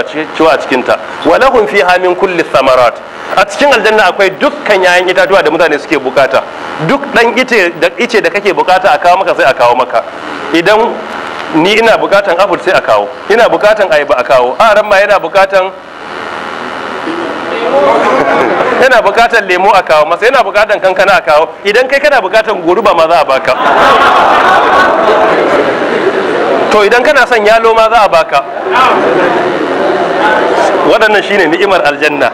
[SPEAKER 2] a cikinta Walahun lahum fiha min kulli thamarat a cikin aljanna akwai dukkan yayan itatuwa da mutane suke bukata duk dan ice da ice da kake bukata a kawo maka sai a kawo maka idan ni ina bukatan apple sai a kawo ina bukatan ayaba a kawo aran ma yana bukatan *laughs* yana bukatar lemo a kawo masa yana bukatar kankana a kawo idan kai kana bukatar goruba ma za a baka *laughs* to idan kana son yalo ma za a baka waɗannan shine ni'imar aljanna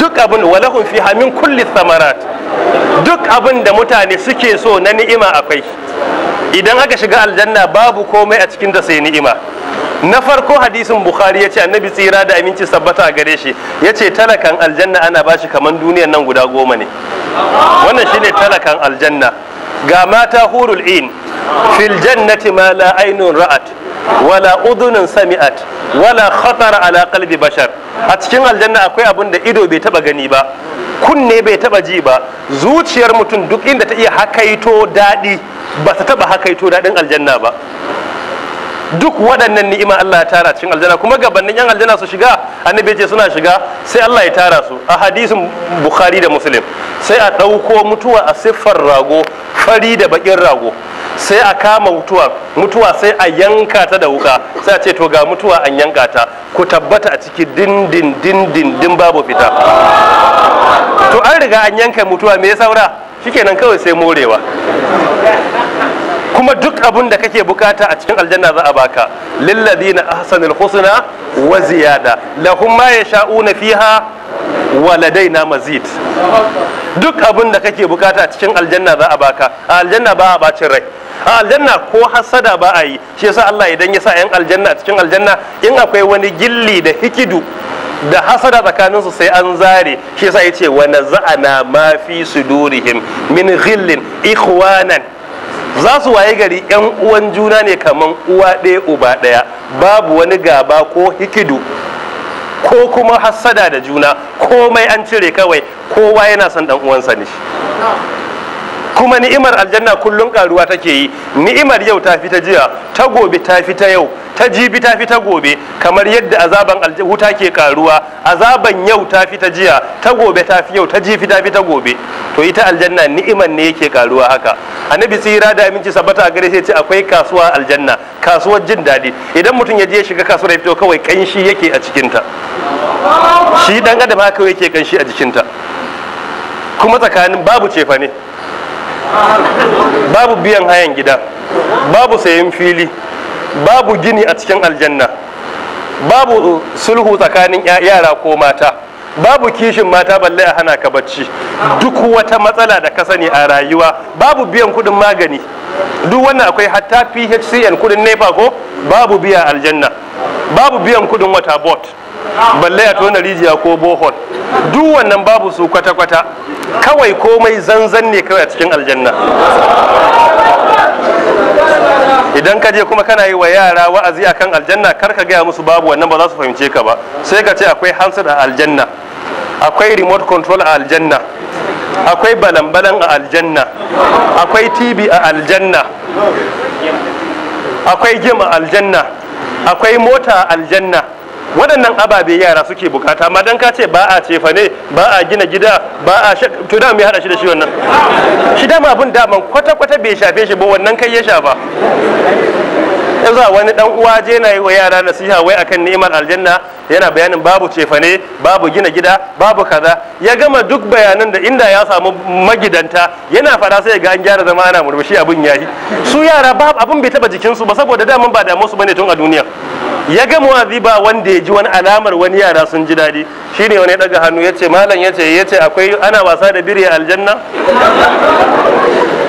[SPEAKER 2] duk abin walahun fi hamin kulli samarat duk abin da mutane suke so na ni'ima akwai idan aka shiga aljanna babu komai a cikin da sai ni'ima na farko hadisin bukhari ya ce annabi tsira da aminci sabbata a gare shi ya ce talakan aljanna ana ba shi kamar duniyan nan guda goma ne wannan shine talakan aljanna ga mata hurul in fil jannati ma la ainun ra'at wala udunun sami'at wala khatar ala qalbi bashar a cikin aljanna akwai abin da ido bai taba gani ba kunne bai taba ji ba zuciyar mutum duk inda ta iya hakaito daɗi ba ta taba hakaito daɗin aljanna ba duk waɗannan ni'ima Allah ya tara cikin aljanna kuma gabanin yan aljanna su shiga annabi ce suna shiga sai Allah ya tara su a hadisin bukhari da muslim sai a ɗauko mutuwa a siffar rago fari da bakin rago sai a kama mutuwa mutuwa sai a yanka ta da wuka sai a ce to ga mutuwa an yanka ta ku tabbata a ciki dindin dindin din babu fita to an riga an yanka mutuwa me ya saura shikenan kawai sai morewa kuma duk abin da kake bukata a cikin aljanna za a baka lilladina ahsanul husna wa ziyada lahum ma yasha'una fiha wa ladaina mazid duk abin da kake bukata a cikin aljanna za a baka a aljanna ba a bacin rai a aljanna ko hasada ba a yi shi yasa Allah idan ya sa yan aljanna a cikin aljanna in akwai wani gilli da hikidu da hasada tsakaninsu sai an zare shi yasa yace wa naza'ana ma fi sudurihim min ghillin ikhwanan za su waye gari yan uwan juna ne kaman uwa ɗaya uba ɗaya babu wani gaba ko hikidu ko kuma hassada da juna komai an cire kawai kowa yana son dan uwansa ne kuma ni'imar aljanna kullum karuwa take yi ni'imar yau ta fita ta jiya ta gobe ta fita yau ta jibi ta fita gobe kamar yadda azaban wuta ke karuwa azaban yau ta fita ta jiya ta gobe ta fi yau ta jibi ta fita gobe to ita aljanna ni'imar ne yake karuwa haka annabi tsira da aminci sabata a gare sai ce akwai kasuwa aljanna kasuwar jin daɗi idan mutum ya je shiga kasuwar ya fito kawai kanshi yake a cikinta shi dan adam haka yake kanshi a jikinta kuma tsakanin babu cefa ne babu biyan hayan gida babu sayan fili babu gini a cikin aljanna babu sulhu tsakanin yara ko mata babu kishin mata balle a hana ka bacci duk wata matsala da ka sani a rayuwa babu biyan kudin magani duk wannan akwai hatta phcn kudin nepa ko babu biya aljanna babu biyan kudin wata bot balle a tona rijiya ko bohol duk wannan babu su kwata-kwata kawai komai zanzan ne kawai a cikin aljanna idan ka je kuma kana yi wa yara wa'azi akan aljanna kar ka gaya musu babu wannan ba za su fahimce ka ba sai ka ce akwai handset a aljanna akwai remote control a aljanna akwai balambalan a aljanna akwai tv a aljanna akwai gim a aljanna akwai mota a aljanna waɗannan ababe yara suke bukata ma dan ka ce ba a cefa ne ba a gina gida ba a to da mai hada shi da shi wannan shi dama abun daman kwata kwata bai shafe shi ba wannan kai ya shafa yanzu a wani dan uwa je na yi wa yara nasiha wai akan ni'imar aljanna yana bayanin babu cefane babu gina gida babu kaza ya gama duk bayanan da inda ya samu magidanta yana fara sai ga an gyara zama ana murmushi abun yayi su yara babu abun bai taba jikinsu ba saboda daman ba damu su bane tun a duniya ya ga muwazi ba wanda ya ji wani alamar wani yara sun ji daɗi Shi ne wani daga hannu ya ce malam ya ce ya ce akwai ana wasa da biri a aljanna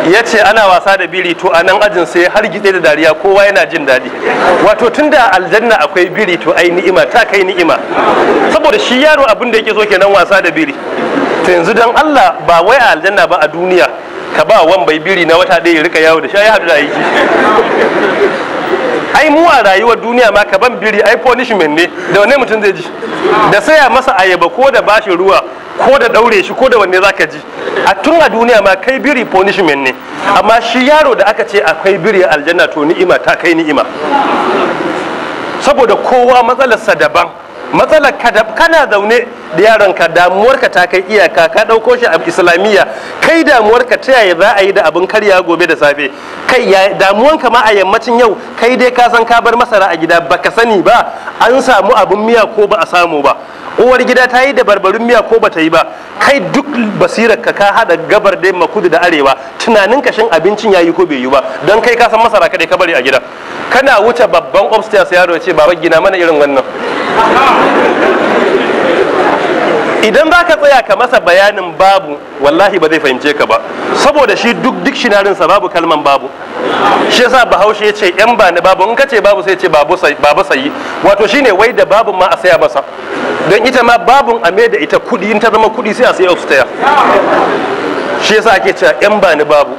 [SPEAKER 2] ya ce ana wasa da biri to a nan ajin sai har gitse da dariya kowa yana jin daɗi wato tun da aljanna akwai biri to ai ni'ima ta kai ni'ima saboda shi yaro abin da yake so kenan wasa da biri to yanzu dan Allah ba wai a aljanna ba a duniya ka ba wan bai biri na wata ɗaya ya rika yawo da shi ai haɗu da aiki ai mu a rayuwar duniya ma ka ban biri ai punishment ne da wanne mutum zai ji da saya masa ayaba ko da bashi ruwa ko da daure shi ko da wanne zaka ji a tun a duniya ma kai biri punishment ne amma shi yaro da aka ce akwai biri a aljanna to ni'ima ta kai ni'ima saboda kowa matsalarsa daban matsalar ka kana zaune da yaronka damuwarka ta kai iyaka ka ɗauko shi a islamiyya kai damuwarka ta yaya za a yi da abin karya gobe da safe kai damuwanka ma a yammacin yau kai dai ka san ka bar masara a gida baka sani ba an samu abun miya ko ba a samu ba uwar gida ta yi da barbarin miya ko ba ta yi ba kai duk basirar ka ka hada gabar da makudu da arewa tunanin ka shin abincin yayi ko bai yi ba don kai ka san masara kadai ka bari a gida kana wuce babban upstairs yaro ya ce baba gina mana irin wannan idan za ka tsaya ka masa bayanin babu wallahi ba zai fahimce ka ba saboda shi duk dictionarin sa babu kalman babu shi yasa bahaushe ya ce yan ba ni babu in ka ce babu sai ce babu sayi wato shine wai da babu ma a saya masa don ita ma babun a da ita kudi in ta zama kudi sai a saya su taya shi yasa ake cewa yan ba ni babu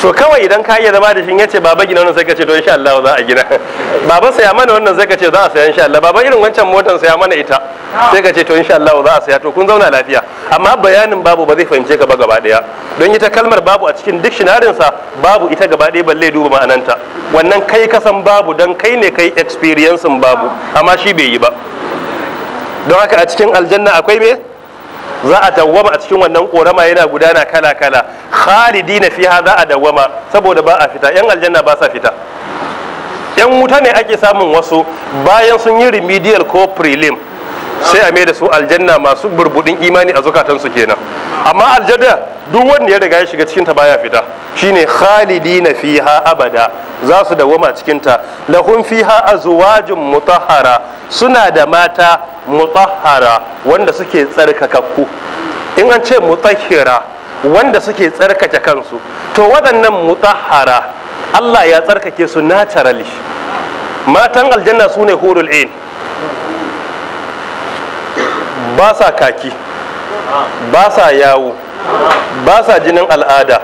[SPEAKER 2] so kawai idan ka iya zama da shi yace baba gina wannan sai ka ce to insha Allah za a gina *laughs* baba saya mana wannan sai ka ce za a saya insha Allah baba irin wancan motar saya mana ita sai ka ce to insha Allah za a saya to kun zauna lafiya amma bayanin babu ba zai fahimce ka ba gaba daya don ita kalmar babu a cikin dictionary sa babu ita gaba daya balle duba ma'ananta wannan kai kasan babu dan kai ne kai experience babu amma shi bai yi ba don haka a cikin aljanna akwai me za a dawwama a cikin wannan korama yana gudana kala kala khalidina fiha za a dawwama saboda ba a fita yan aljanna ba sa fita yan wuta ne ake samun wasu bayan sun yi remedial ko prelim sai a mai da su aljanna masu burbudin imani a zukatansu kenan amma aljanna duk wanda ya riga ya shiga cikin ta baya fita shine khalidina fiha abada za su dawama cikin ta lahum fiha azwajun mutahhara suna da mata mutahhara wanda suke tsarkakakku in an ce mutahhira wanda suke tsarkake kansu to waɗannan mutahhara Allah ya tsarkake su naturally matan aljanna sune ne hurul ain ba sa kaki ba sa yawo ba sa jinin al'ada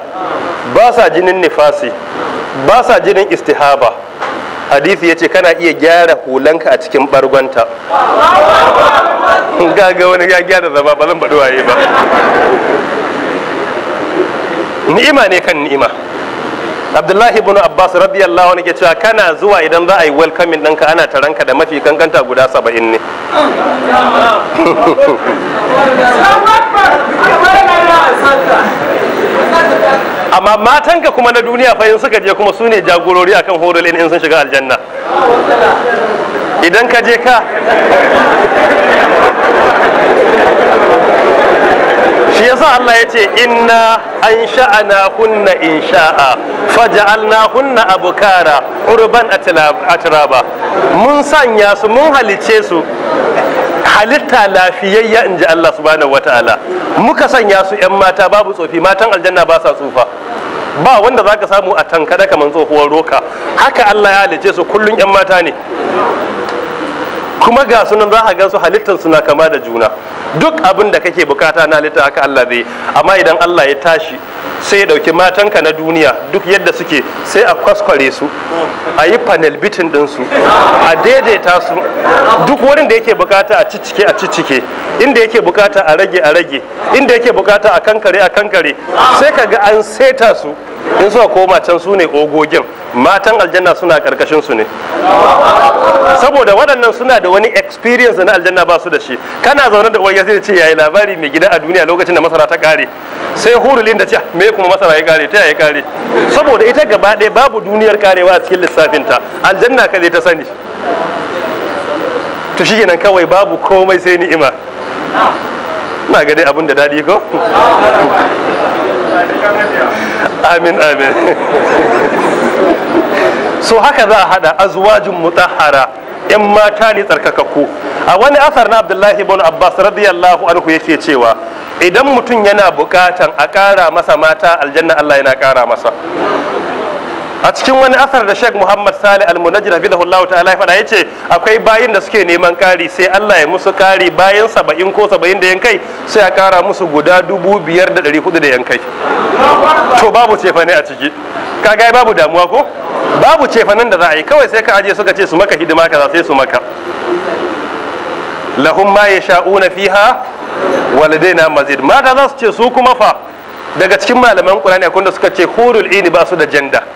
[SPEAKER 2] ba sa jinin nifasi ba sa jinin istihaba hadisi ya ce kana iya gyara hulanka a cikin bargonta ga wani ya gyara zama ba zan baɗi waye ba ni'ima ne kan ni'ima abdullahi ibn abbas radiyallahu anhu ke cewa kana zuwa idan za a yi welcoming ɗinka ana taranka da mafi kankanta guda saba'in ne amma matanka kuma na duniya fa in suka je kuma su ne jagorori akan horolin in sun shiga aljanna idan ka je ka shi yasa Allah ya ce inna an sha'ana kunna in sha'a faja'alna kunna abukara urban turaba, mun sanya su mun halice su halitta lafiyayya in ji Allah subhanahu ta'ala muka sanya su 'yan mata babu tsofi matan aljanna ba sa tsufa ba wanda zaka samu a tankada kamar tsohuwar roka haka Allah ya halice su kullum 'yan mata ne kuma ga sunan za a gan su halittar suna kama da juna duk abin da kake bukata na halitta haka Allah zai amma idan Allah ya tashi sai ya dauki matanka na duniya duk yadda suke sai a kwaskware su a yi panel bitin din su, a daidaita su duk wurin da yake bukata a ciccike a ciccike inda yake bukata a rage a rage inda yake bukata a kankare a kankare sai ka ga an seta su in suka koma can su ne ogogin matan aljanna suna karkashin su ne saboda waɗannan suna da wani experience na aljanna ba su da shi kana zaune da wani zai ce yayi labari mai gida a duniya lokacin da masara ta kare sai hurulin da ce ah, me kuma masara ya kare ta ya kare saboda ita gaba ɗaya babu duniyar karewa a cikin ta aljanna kaɗai ta sani to shi kenan kawai babu komai sai ni'ima na ga abin da daɗi ko amin amin so haka za a hada azwajin mutahara yan mata ne tsarkakakku a wani asar na abdullahi ibn abbas radiyallahu anhu yake cewa idan mutum yana bukatan a kara masa mata aljanna allah yana kara masa a cikin wani asar da Sheikh Muhammad Salih Al-Munajjid rahimahullah ta'ala ya ce akwai bayin da suke neman ƙari sai Allah ya musu ƙari bayan saba'in ko saba'in da yankai sai a ƙara musu guda dubu biyar da ɗari hudu da yankai to babu cefane a ciki kaga babu damuwa ko babu cefanen da za a yi kawai sai ka aje suka ce su maka hidima kaza sai su maka lahum ma yasha'una fiha waladaina mazid mata za su ce su kuma fa daga cikin malaman Qur'ani akwai da suka ce hurul ini ba su da janda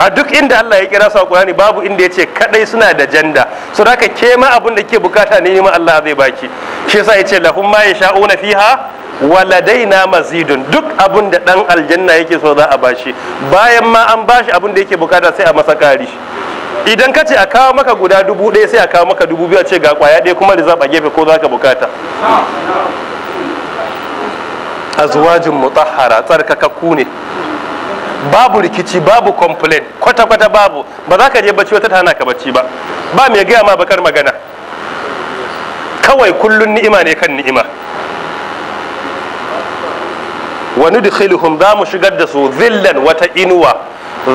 [SPEAKER 2] a duk inda Allah ya kira su a Qur'ani babu inda yace kadai suna da janda so haka ke ma abin da ke bukata ne ma Allah zai baki shi yasa ya lahum ma yasha'una fiha waladaina mazidun duk abin da dan aljanna yake so za a bashi bayan ma an bashi abin da yake bukata sai a masa kari idan kace a kawo maka guda dubu ɗaya sai a kawo maka dubu biyu a ce ga kwaya ɗaya kuma rizab a gefe ko za ka bukata azwajin mutahhara tsarkakakku ne babu rikici babu complain kwata-kwata babu ba za ka je bacci wata tana ka bacci ba ba mai gaya ma bakar magana kawai kullun ni'ima ne kan ni'ima wa nudkhiluhum za mu shigar da su zillan wata inuwa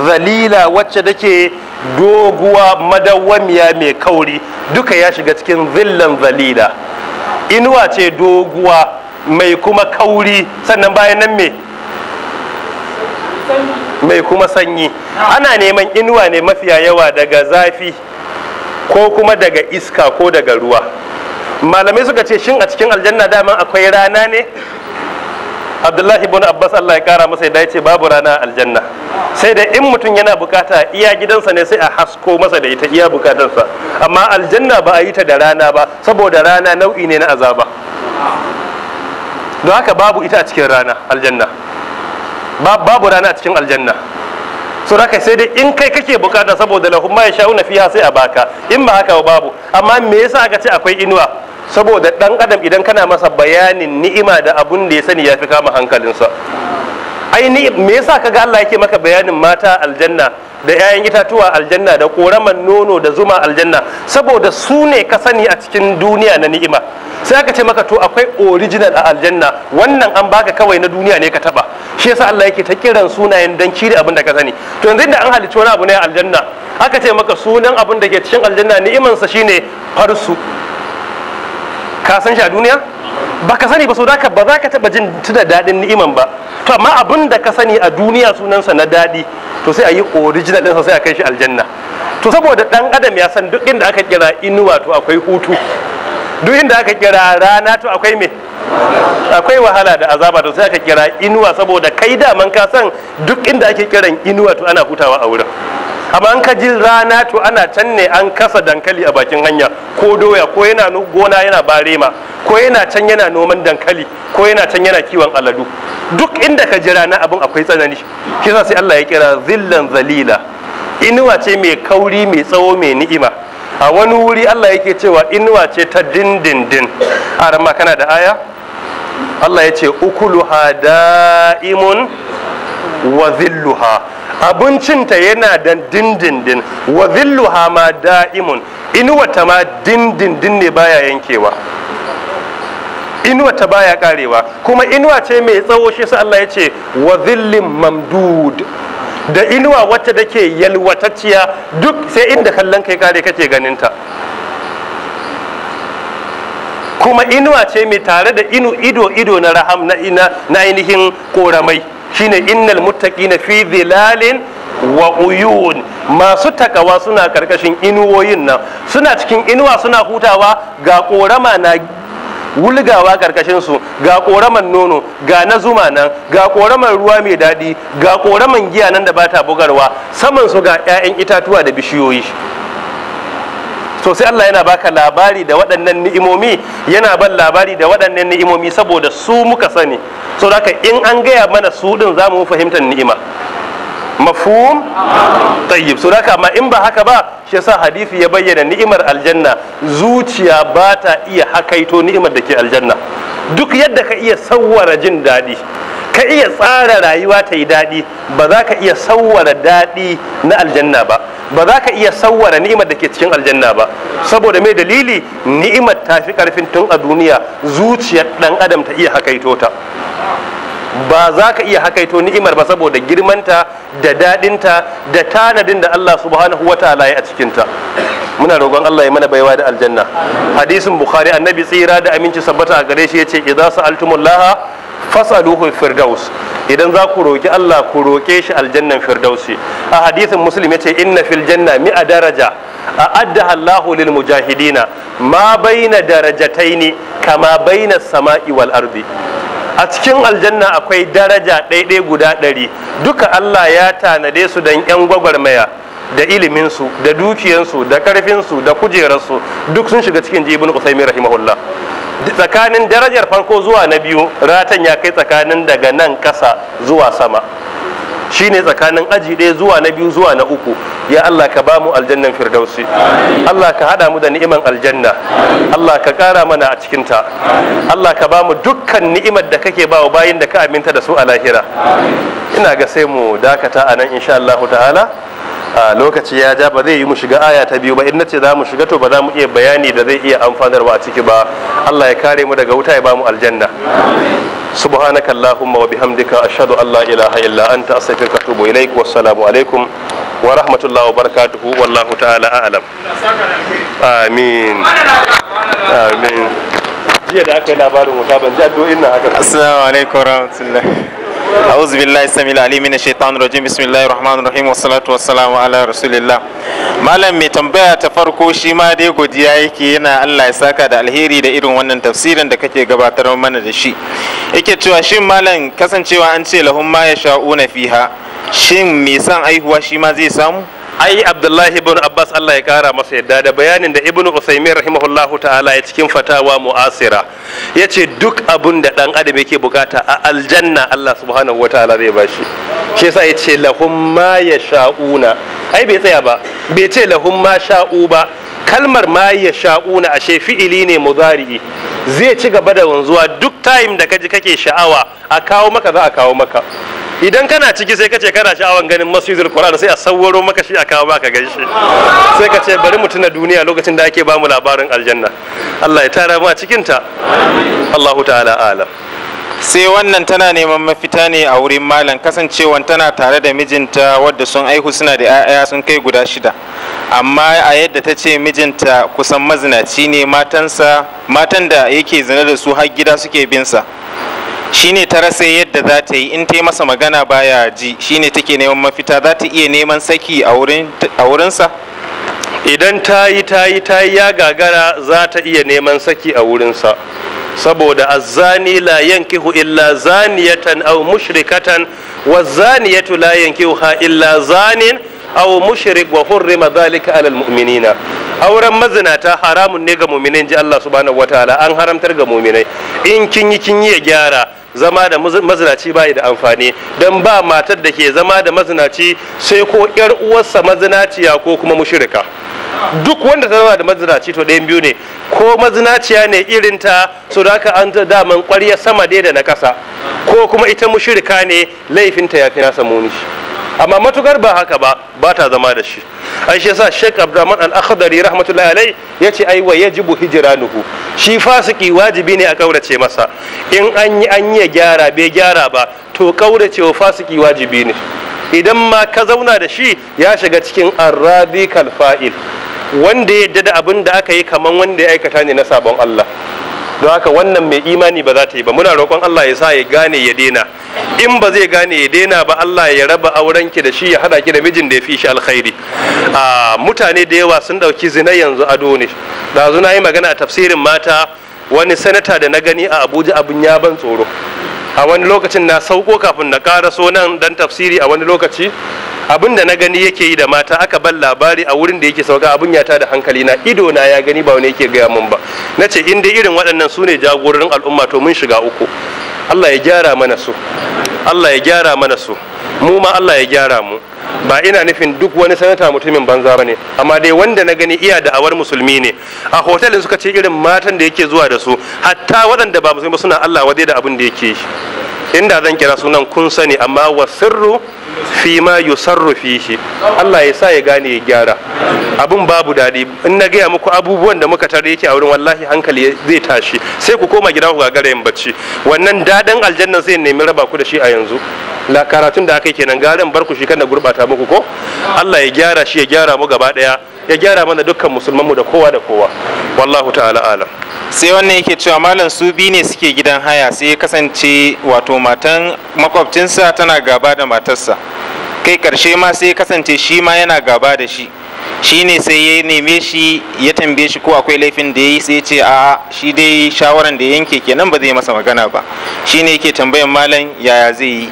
[SPEAKER 2] zalila wacce take doguwa madawwamiya mai kauri duka ya shiga cikin zillan zalila inuwa ce doguwa mai kuma kauri sannan bayan nan me mai kuma sanyi ana neman inuwa ne mafiya yawa daga zafi ko kuma daga iska ko daga ruwa malamai suka ce shin a cikin aljanna daman akwai rana ne abdullahi ibn abbas allah ya kara masa ya ce babu rana aljanna sai da in mutum yana bukata iya gidansa ne sai a hasko masa da ita iya bukatarsa amma aljanna ba a yi ta da rana ba saboda rana nau'i ne na azaba don haka babu ita a cikin rana aljanna babu rana a cikin aljanna so da sai dai in kai kake bukata saboda lahum ma yasha'una fiha sai a baka in ba haka babu amma me yasa aka ce akwai inuwa saboda dan adam idan kana masa bayanin ni'ima da abun da ya sani ya fi kama hankalinsa aini me yasa kaga Allah yake maka bayanin mata aljanna da 'ya'yan itatuwa aljanna da koraman nono da zuma aljanna saboda su ne ka sani a cikin duniya na ni'ima sai aka ce maka to akwai original a aljanna wannan an baka kawai na duniya ne ka taba shi yasa Allah yake ta kiran sunayen dan kire abin da ka sani to yanzu da an halicci wani abu ne aljanna aka ce maka sunan abin da ke cikin aljanna ni'imansa shine farsu ka san shi a duniya baka sani ba so ba za ka taba jin da daɗin ni'iman ba to amma abin da ka sani a duniya sunansa na daɗi to sai a yi original ɗinsa sai a kai shi aljanna to saboda ɗan adam ya san duk inda aka kira inuwa to akwai hutu duk inda aka kira rana to akwai me akwai wahala da azaba to sai aka kira inuwa saboda kai daman ka san duk inda ake kiran inuwa to ana hutawa a wurin amma an ka ji rana to ana can ne an kasa dankali a bakin hanya ko doya ko yana gona yana barema ko yana can yana noman dankali ko yana can yana kiwon aladu duk inda ka ji rana abin akwai tsanani kisa sai Allah ya kira zillan zalila inuwa ce mai kauri mai tsawo mai ni'ima a wani wuri Allah yake cewa inuwa ce ta dindindin a rama kana da aya Allah ya ce ukuluha da'imun wa zilluha abincinta yana da dindindin wa zilluha ma da'imun inuwata ma dindindin ne baya yankewa inuwa ta baya karewa kuma inuwa ce mai tsawo shi sa Allah ya ce wa zillin mamdud da inuwa wacce take yalwatacciya duk sai inda kallon kai kare kake ganinta kuma inuwa ce mai tare da inu ido ido na raham na ainihin koramai shine innal muttaqina fi dhilalin wa uyun masu takawa suna karkashin inuwoyin nan suna cikin inuwa suna hutawa ga korama na wulgawa karkashin su ga koraman nono ga na zuma nan ga koraman ruwa mai daɗi ga koraman giya nan da bata bugarwa saman su ga 'ya'yan itatuwa da bishiyoyi to sai Allah yana baka labari da waɗannan ni'imomi yana ban labari da waɗannan ni'imomi saboda su muka sani so haka in an gaya mana su din za mu fahimtar ni'ima mafhum tayyib so haka amma in ba haka ba shi yasa hadisi ya bayyana ni'imar aljanna zuciya ba ta iya hakaito ni'imar da ke aljanna duk yadda ka iya sawwara jin daɗi ka iya tsara rayuwa ta yi daɗi ba za ka iya sauwara daɗi na aljanna ba ba za ka iya sauwara ni'imar da ke cikin aljanna ba saboda mai dalili ni'imar ta fi karfin tun a duniya zuciyar ɗan adam ta iya hakaito ta ba za ka iya hakaito ni'imar ba saboda girmanta da daɗinta da tanadin da Allah subhanahu wa ta'ala ya a cikinta muna roƙon Allah ya mana baiwa da aljanna hadisin bukhari annabi tsira da aminci sabbata a gare shi yace idza sa'altumullaha fasaluhu firdaus idan za ku roki Allah ku roke shi aljannan firdausi a hadisin muslim yace inna fil janna mi'a daraja a adda Allahu lil mujahidina ma baina darajataini kama baina samai wal ardi a cikin aljanna akwai daraja ɗaiɗai guda ɗari duka Allah ya tanade su dan 'yan gwagwarmaya da iliminsu da dukiyansu da ƙarfinsu da kujerarsu duk sun shiga cikin jibin usaimin rahimahullah tsakanin darajar farko zuwa na biyu ratan ya kai tsakanin daga nan kasa zuwa sama shine tsakanin aji ɗaya zuwa na biyu zuwa na uku ya Allah ka ba mu aljannan firdausi Allah ka hada mu da ni'iman aljanna Allah ka kara mana a cikinta Allah ka ba mu dukkan ni'imar da kake ba wa bayin da ka aminta da su a lahira ina ga sai mu dakata a nan insha Allah ta'ala a lokaci ya ja ba zai yi mu shiga aya ta biyu ba in nace za mu shiga to ba za mu iya bayani da zai iya amfanarwa a ciki ba Allah ya kare mu daga wuta ya ba mu aljanna subhanaka allahumma wa bihamdika ashhadu an la ilaha illa anta astaghfiruka wa atubu ilaik assalamu alaikum wa rahmatullahi wa barakatuhu wallahu ta'ala a'lam amin
[SPEAKER 1] amin jiya da aka yi labarin wuta ban ji addu'o'in nan haka assalamu alaikum wa rahmatullahi أعوذ بالله السميع العليم من الشيطان الرجيم بسم الله الرحمن الرحيم والصلاة والسلام على رسول الله malam mai tambaya ta farko shi ma dai godiya yake yana Allah ya saka da alheri da irin wannan tafsirin da kake gabatar mana da shi yake cewa shin malam kasancewa an ce lahum ma yasha'una fiha shin me san aihuwa shi ma zai samu ai abdullahi ibn abbas allah ya kara masa yadda da bayanin da ibn usaimin rahimahullahu ta'ala ya
[SPEAKER 2] cikin fatawa mu'asira ya ce duk abun da dan adam yake bukata a aljanna allah subhanahu wa ta'ala zai bashi shi yasa ya ce lahum ma ya sha'una ai bai tsaya ba bai ce lahum ma sha'u ba kalmar ma ya sha'una ashe fi'ili ne muzari'i zai ci gaba da wanzuwa duk time da kaji kake sha'awa a kawo maka za a kawo maka idan kana ciki sai kace kana sha'awan ganin masjidul qur'an sai a sawwaro maka shi a kawo maka shi sai ka ce bari mu tuna duniya lokacin da ake bamu labarin aljanna
[SPEAKER 1] Allah ya tara mu a cikin ta Allahu ta'ala alam sai wannan tana neman mafita ne a wurin malam kasancewan tana tare da mijinta wadda sun aihu suna da 'ya'ya sun kai guda shida amma a yadda ta ce mijinta kusan mazinaci ne matansa matan da yake zina da su har gida suke binsa shine ta rasa yadda za ta yi in ta yi masa magana baya ji shine take neman mafita za ta iya neman saki a wurinsa idan ta yi ta yi ta yi ya gagara za ta iya neman
[SPEAKER 2] saki a wurinsa saboda azzani la yankihu illa zaniyatan aw mushrikatan wa zaniyatu la ha, illa zanin aw mushrik wa hurrima dhalika alal mu'minina auren mazinata haramun ne ga mu'minai ji Allah subhanahu wataala an haramtar ga mu'minai in kin yi kin yi ya gyara zama da mazinaci ba da amfani don ba matar da ke zama da mazinaci sai ko yar uwarsa mazinaciya ko kuma mushirika duk wanda ta zama da mazinaci to ɗayan biyu ne ko mazinaciya ne irin ta so da an ta daman ƙwarya sama dai da na ƙasa ko kuma ita mushirika ne laifinta ya fi nasa muni amma matukar ba haka ba ba ta zama da shi an shi yasa Sheikh Abdurrahman Al-Akhdari rahmatullahi alai yace ai wa yajibu hijranuhu shi fasiki wajibi ne a kaurace masa in an yi an yi gyara bai gyara ba to kaurace wa fasiki wajibi ne idan ma ka zauna da shi ya shiga cikin arradi kalfa'il wanda ya yadda da abin da aka yi kaman wanda ya aikata ne na sabon Allah don haka wannan mai imani ba za ta yi ba muna roƙon Allah ya sa ya gane ya daina in ba zai gane ya daina ba Allah ya raba auren ki da shi ya hada ki da mijin da ya fi shi alkhairi mutane da yawa sun dauki zina yanzu ado ne da na yi magana a tafsirin mata wani sanata da na gani a Abuja abun ya ban tsoro a wani lokacin na sauko kafin na so nan dan tafsiri a wani lokaci abin da na gani yake yi da mata aka bar labari a wurin da yake sauka abin ya da hankali na ido na ya gani ba wani yake gaya mun ba na ce in dai irin waɗannan su ne jagororin al'umma to mun shiga uku Allah ya gyara mana su Allah ya gyara mana su mu ma Allah ya gyara mu ba ina nufin duk wani sanata mutumin banza ba ne amma dai wanda na gani iya da awar musulmi ne a hotel suka ce irin matan da yake zuwa da su hatta waɗanda ba musulmi suna Allah wadai da abin da yake inda zan kira sunan kun sani amma wasirru fi ma yusarru shi Allah ya sa ya gane ya gyara abin babu daɗi in na gaya muku abubuwan da muka tare yake a wurin wallahi hankali zai tashi sai ku koma gida ku gagara yin bacci wannan daɗin aljanna zai nemi raba ku da shi a yanzu la karatun da aka yi kenan garin bar ku shi kan da gurbata muku ko Allah ya gyara shi
[SPEAKER 1] ya gyara mu gaba ɗaya ya gyara mana dukkan musulmanmu da kowa da kowa wallahu ta'ala alam sai wannan yake cewa malam su bi ne suke gidan haya sai ya kasance wato matan makwabcinsa tana gaba da matarsa kai karshe ma sai ya kasance shi ma yana gaba da shi shi ne sai ya neme shi ya tambaye shi ko akwai laifin da ya yi sai ya ce a shi dai shawaran da yanke kenan ba zai masa magana ba shi ne yake tambayan malam yaya zai yi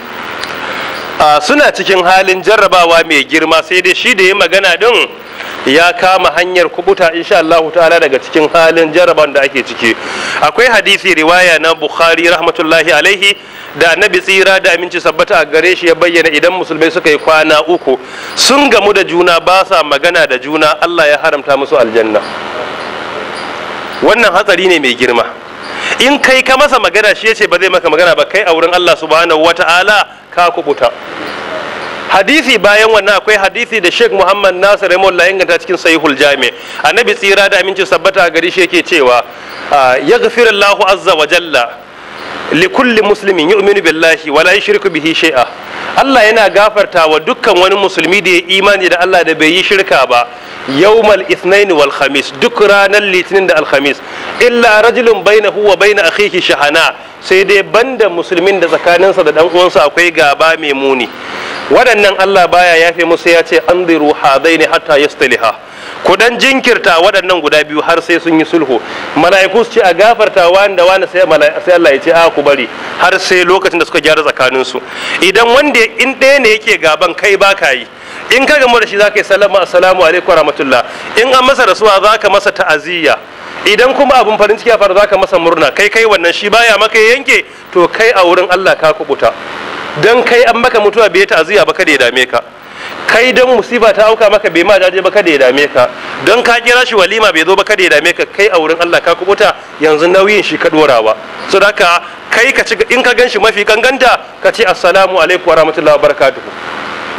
[SPEAKER 1] suna cikin halin jarrabawa mai girma sai dai shi da ya
[SPEAKER 2] magana din ya kama hanyar kubuta insha Allah ta'ala daga cikin halin jaraban da ake ciki akwai hadisi riwaya na Bukhari rahmatullahi alaihi da annabi tsira da aminci sabbata a gare shi ya bayyana idan musulmai suka yi kwana uku sun gamu da juna ba sa magana da juna Allah ya haramta musu aljanna wannan hatsari ne mai girma in kai ka masa magana shi ya ce ba zai maka magana ba kai a wurin Allah subhanahu wata'ala ka kubuta hadisi bayan wannan akwai hadisi da sheikh muhammad nasir ya inganta cikin sahihul jami annabi tsira da aminci sabbata a gari shi yake cewa ah, ya gafirallahu azza wa jalla likulli muslimin yu'minu billahi wa la yushriku bihi shay'a Allah yana gafarta wa dukkan wani musulmi da ya imani da Allah da bai yi shirka ba yawmal ithnain wal khamis duk ranar litinin da alhamis illa rajulun bainahu wa bain akhihi shahana sai dai banda musulmin da tsakaninsa da dan uwansa akwai gaba mai muni waɗannan Allah baya yafe musu ya ce an zai ne, hatta yastaliha ku dan jinkirta waɗannan guda biyu har sai sun yi sulhu mala'iku su ce a gafarta wani da wani sai Allah ya ce a ku bari har sai lokacin da suka gyara tsakanin su idan wanda in ɗaya ne yake gaban kai ba ka yi in ka gama da shi zaka yi sallama assalamu alaikum rahmatullah in an masa rasuwa zaka masa ta'aziyya idan kuma abun farin ciki ya faru zaka masa murna kai kai wannan shi baya maka yanke to kai a wurin Allah ka kubuta dan kai an maka mutuwa bai ta'aziyya ba kada ya dame ka kai dan musiba ta auka maka bai ma daje ba kada ya dame ka don ka kira shi walima bai zo ba kada ya dame ka kai a wurin Allah ka kubuta yanzu nauyin shi ka dorawa so haka kai ka ci in ka ganshi mafi kanganta ka ce assalamu alaikum wa rahmatullahi wa barakatuh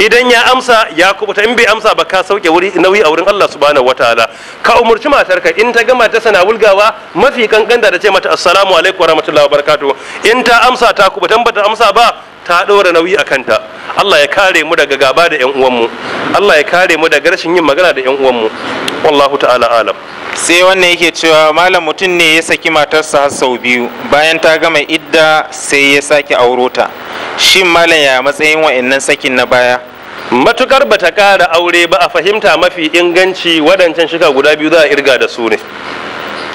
[SPEAKER 2] idan ya amsa ya kubuta in bai amsa ba ka sauke wuri nauyi a wurin Allah subhanahu wataala ka umurci matarka in ta gama ta sana wulgawa mafi kankan da ce mata assalamu alaikum wa rahmatullahi wa barakatuh in ta amsa ta kubuta ba ta amsa ba ta ɗora nauyi a kanta Allah ya kare mu daga gaba da yan uwanmu Allah ya kare mu daga
[SPEAKER 1] rashin yin magana da yan uwanmu wallahu ta'ala alam sai wannan yake cewa malam mutum ne ya saki matarsa har sau biyu bayan ta gama idda sai ya sake auro ta shin malam ya matsayin wa'annan sakin na baya matukar bata kara aure ba a fahimta
[SPEAKER 2] mafi inganci waɗancan shika guda biyu za a irga da su ne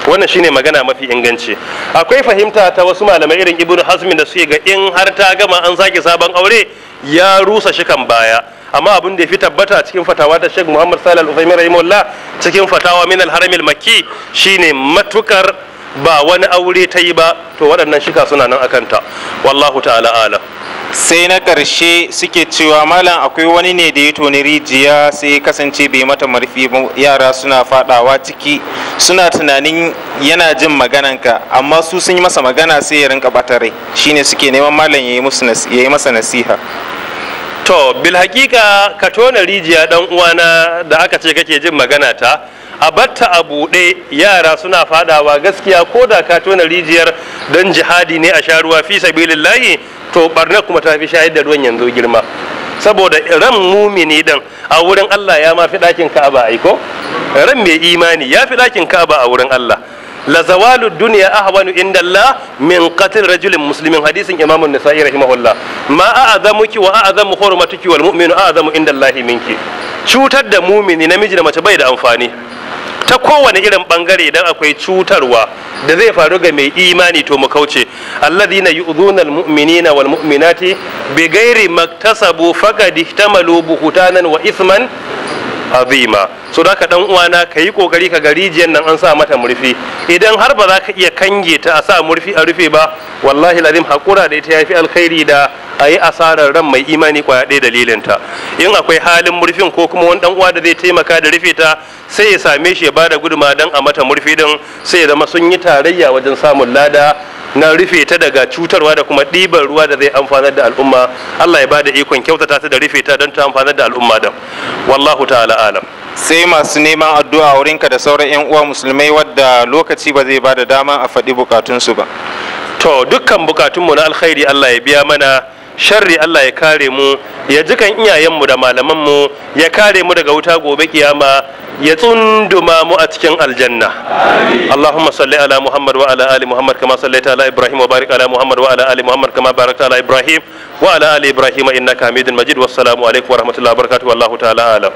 [SPEAKER 2] wannan shine magana mafi inganci akwai fahimta ta wasu malamai irin ibnu hazmi da suke ga in har ta gama an sake sabon aure ya rusa shikan baya amma abin da ya fi tabbata cikin fatawa ta Sheikh Muhammad Salih Al-Uthaymeen rahimahullah cikin fatawa min al-Haram al-Makki shine matukar
[SPEAKER 1] ba wani aure ta yi ba to waɗannan shika suna nan akanta wallahu ta'ala alam sai na ƙarshe suke cewa malam akwai wani ne da ya toni rijiya sai kasance bai mata marfi ba yara suna fadawa ciki suna tunanin yana jin magananka amma su sun yi masa magana sai ya rinka bata rai shine suke neman malam ya yi masa nasiha to bil hakika ka tona rijiya dan uwana
[SPEAKER 2] da aka ce kake jin magana ta a batta a buɗe yara suna fadawa gaskiya ko da ka tona rijiyar don jihadi ne a sha ruwa fi sabilillahi to barna kuma ta fi shayar da ruwan yanzu girma saboda ran mumini din a wurin Allah ya ma fi dakin Ka'aba aiko ran mai imani ya fi ɗakin Ka'aba a wurin Allah la zawalu dunya ahwanu inda Allah min qatl rajulin muslimin hadisin Imam an-Nasa'i rahimahullah ma a'azamuki wa a'azamu hurmatuki wal mu'minu a'azamu inda Allah minki cutar da mumini namiji da mace bai da amfani ta kowane irin bangare idan akwai cutarwa da zai faru ga mai imani to mu kauce alladhina yu'dhuna almu'minina wal mu'minati bighairi maktasabu faqad ihtamalu buhtanan wa ithman azima so da ka dan uwana ka yi kokari ka gari jiyan nan an sa mata murfi idan har ba za ka iya kange ta a sa murfi a rufe ba wallahi lazim hakura da ita yafi alkhairi da a yi asarar ran mai imani kwaya ɗaya dalilinta in akwai halin murfin ko kuma wani uwa da zai taimaka da rufe ta sai ya same shi ya ba da guduma dan a mata murfi din sai ya zama sun yi tarayya wajen samun lada na rufe ta daga cutarwa da kuma ɗiban ruwa da zai amfanar da al'umma
[SPEAKER 1] allah ya ba da ikon kyautata ta da rufe ta don ta amfanar da al'umma da wallahu ta'ala alam sai masu neman addu'a wurinka da sauran 'yan uwa musulmai wadda lokaci ba zai ba da dama a faɗi bukatunsu ba to dukkan bukatunmu na alkhairi allah ya biya mana
[SPEAKER 2] sharri Allah ya kare mu ya jikan iyayenmu da malamanmu ya kare mu daga wuta gobe kiyama ya tsunduma mu a cikin aljanna Allahumma salli ala Muhammad wa ala ali Muhammad kama salli ala Ibrahim wa barik ala Muhammad wa ala ali Muhammad kama barakta ala Ibrahim wa ala ali Ibrahim innaka Hamidul Majid wassalamu alaikum wa rahmatullahi wa barakatuh wallahu ta'ala alam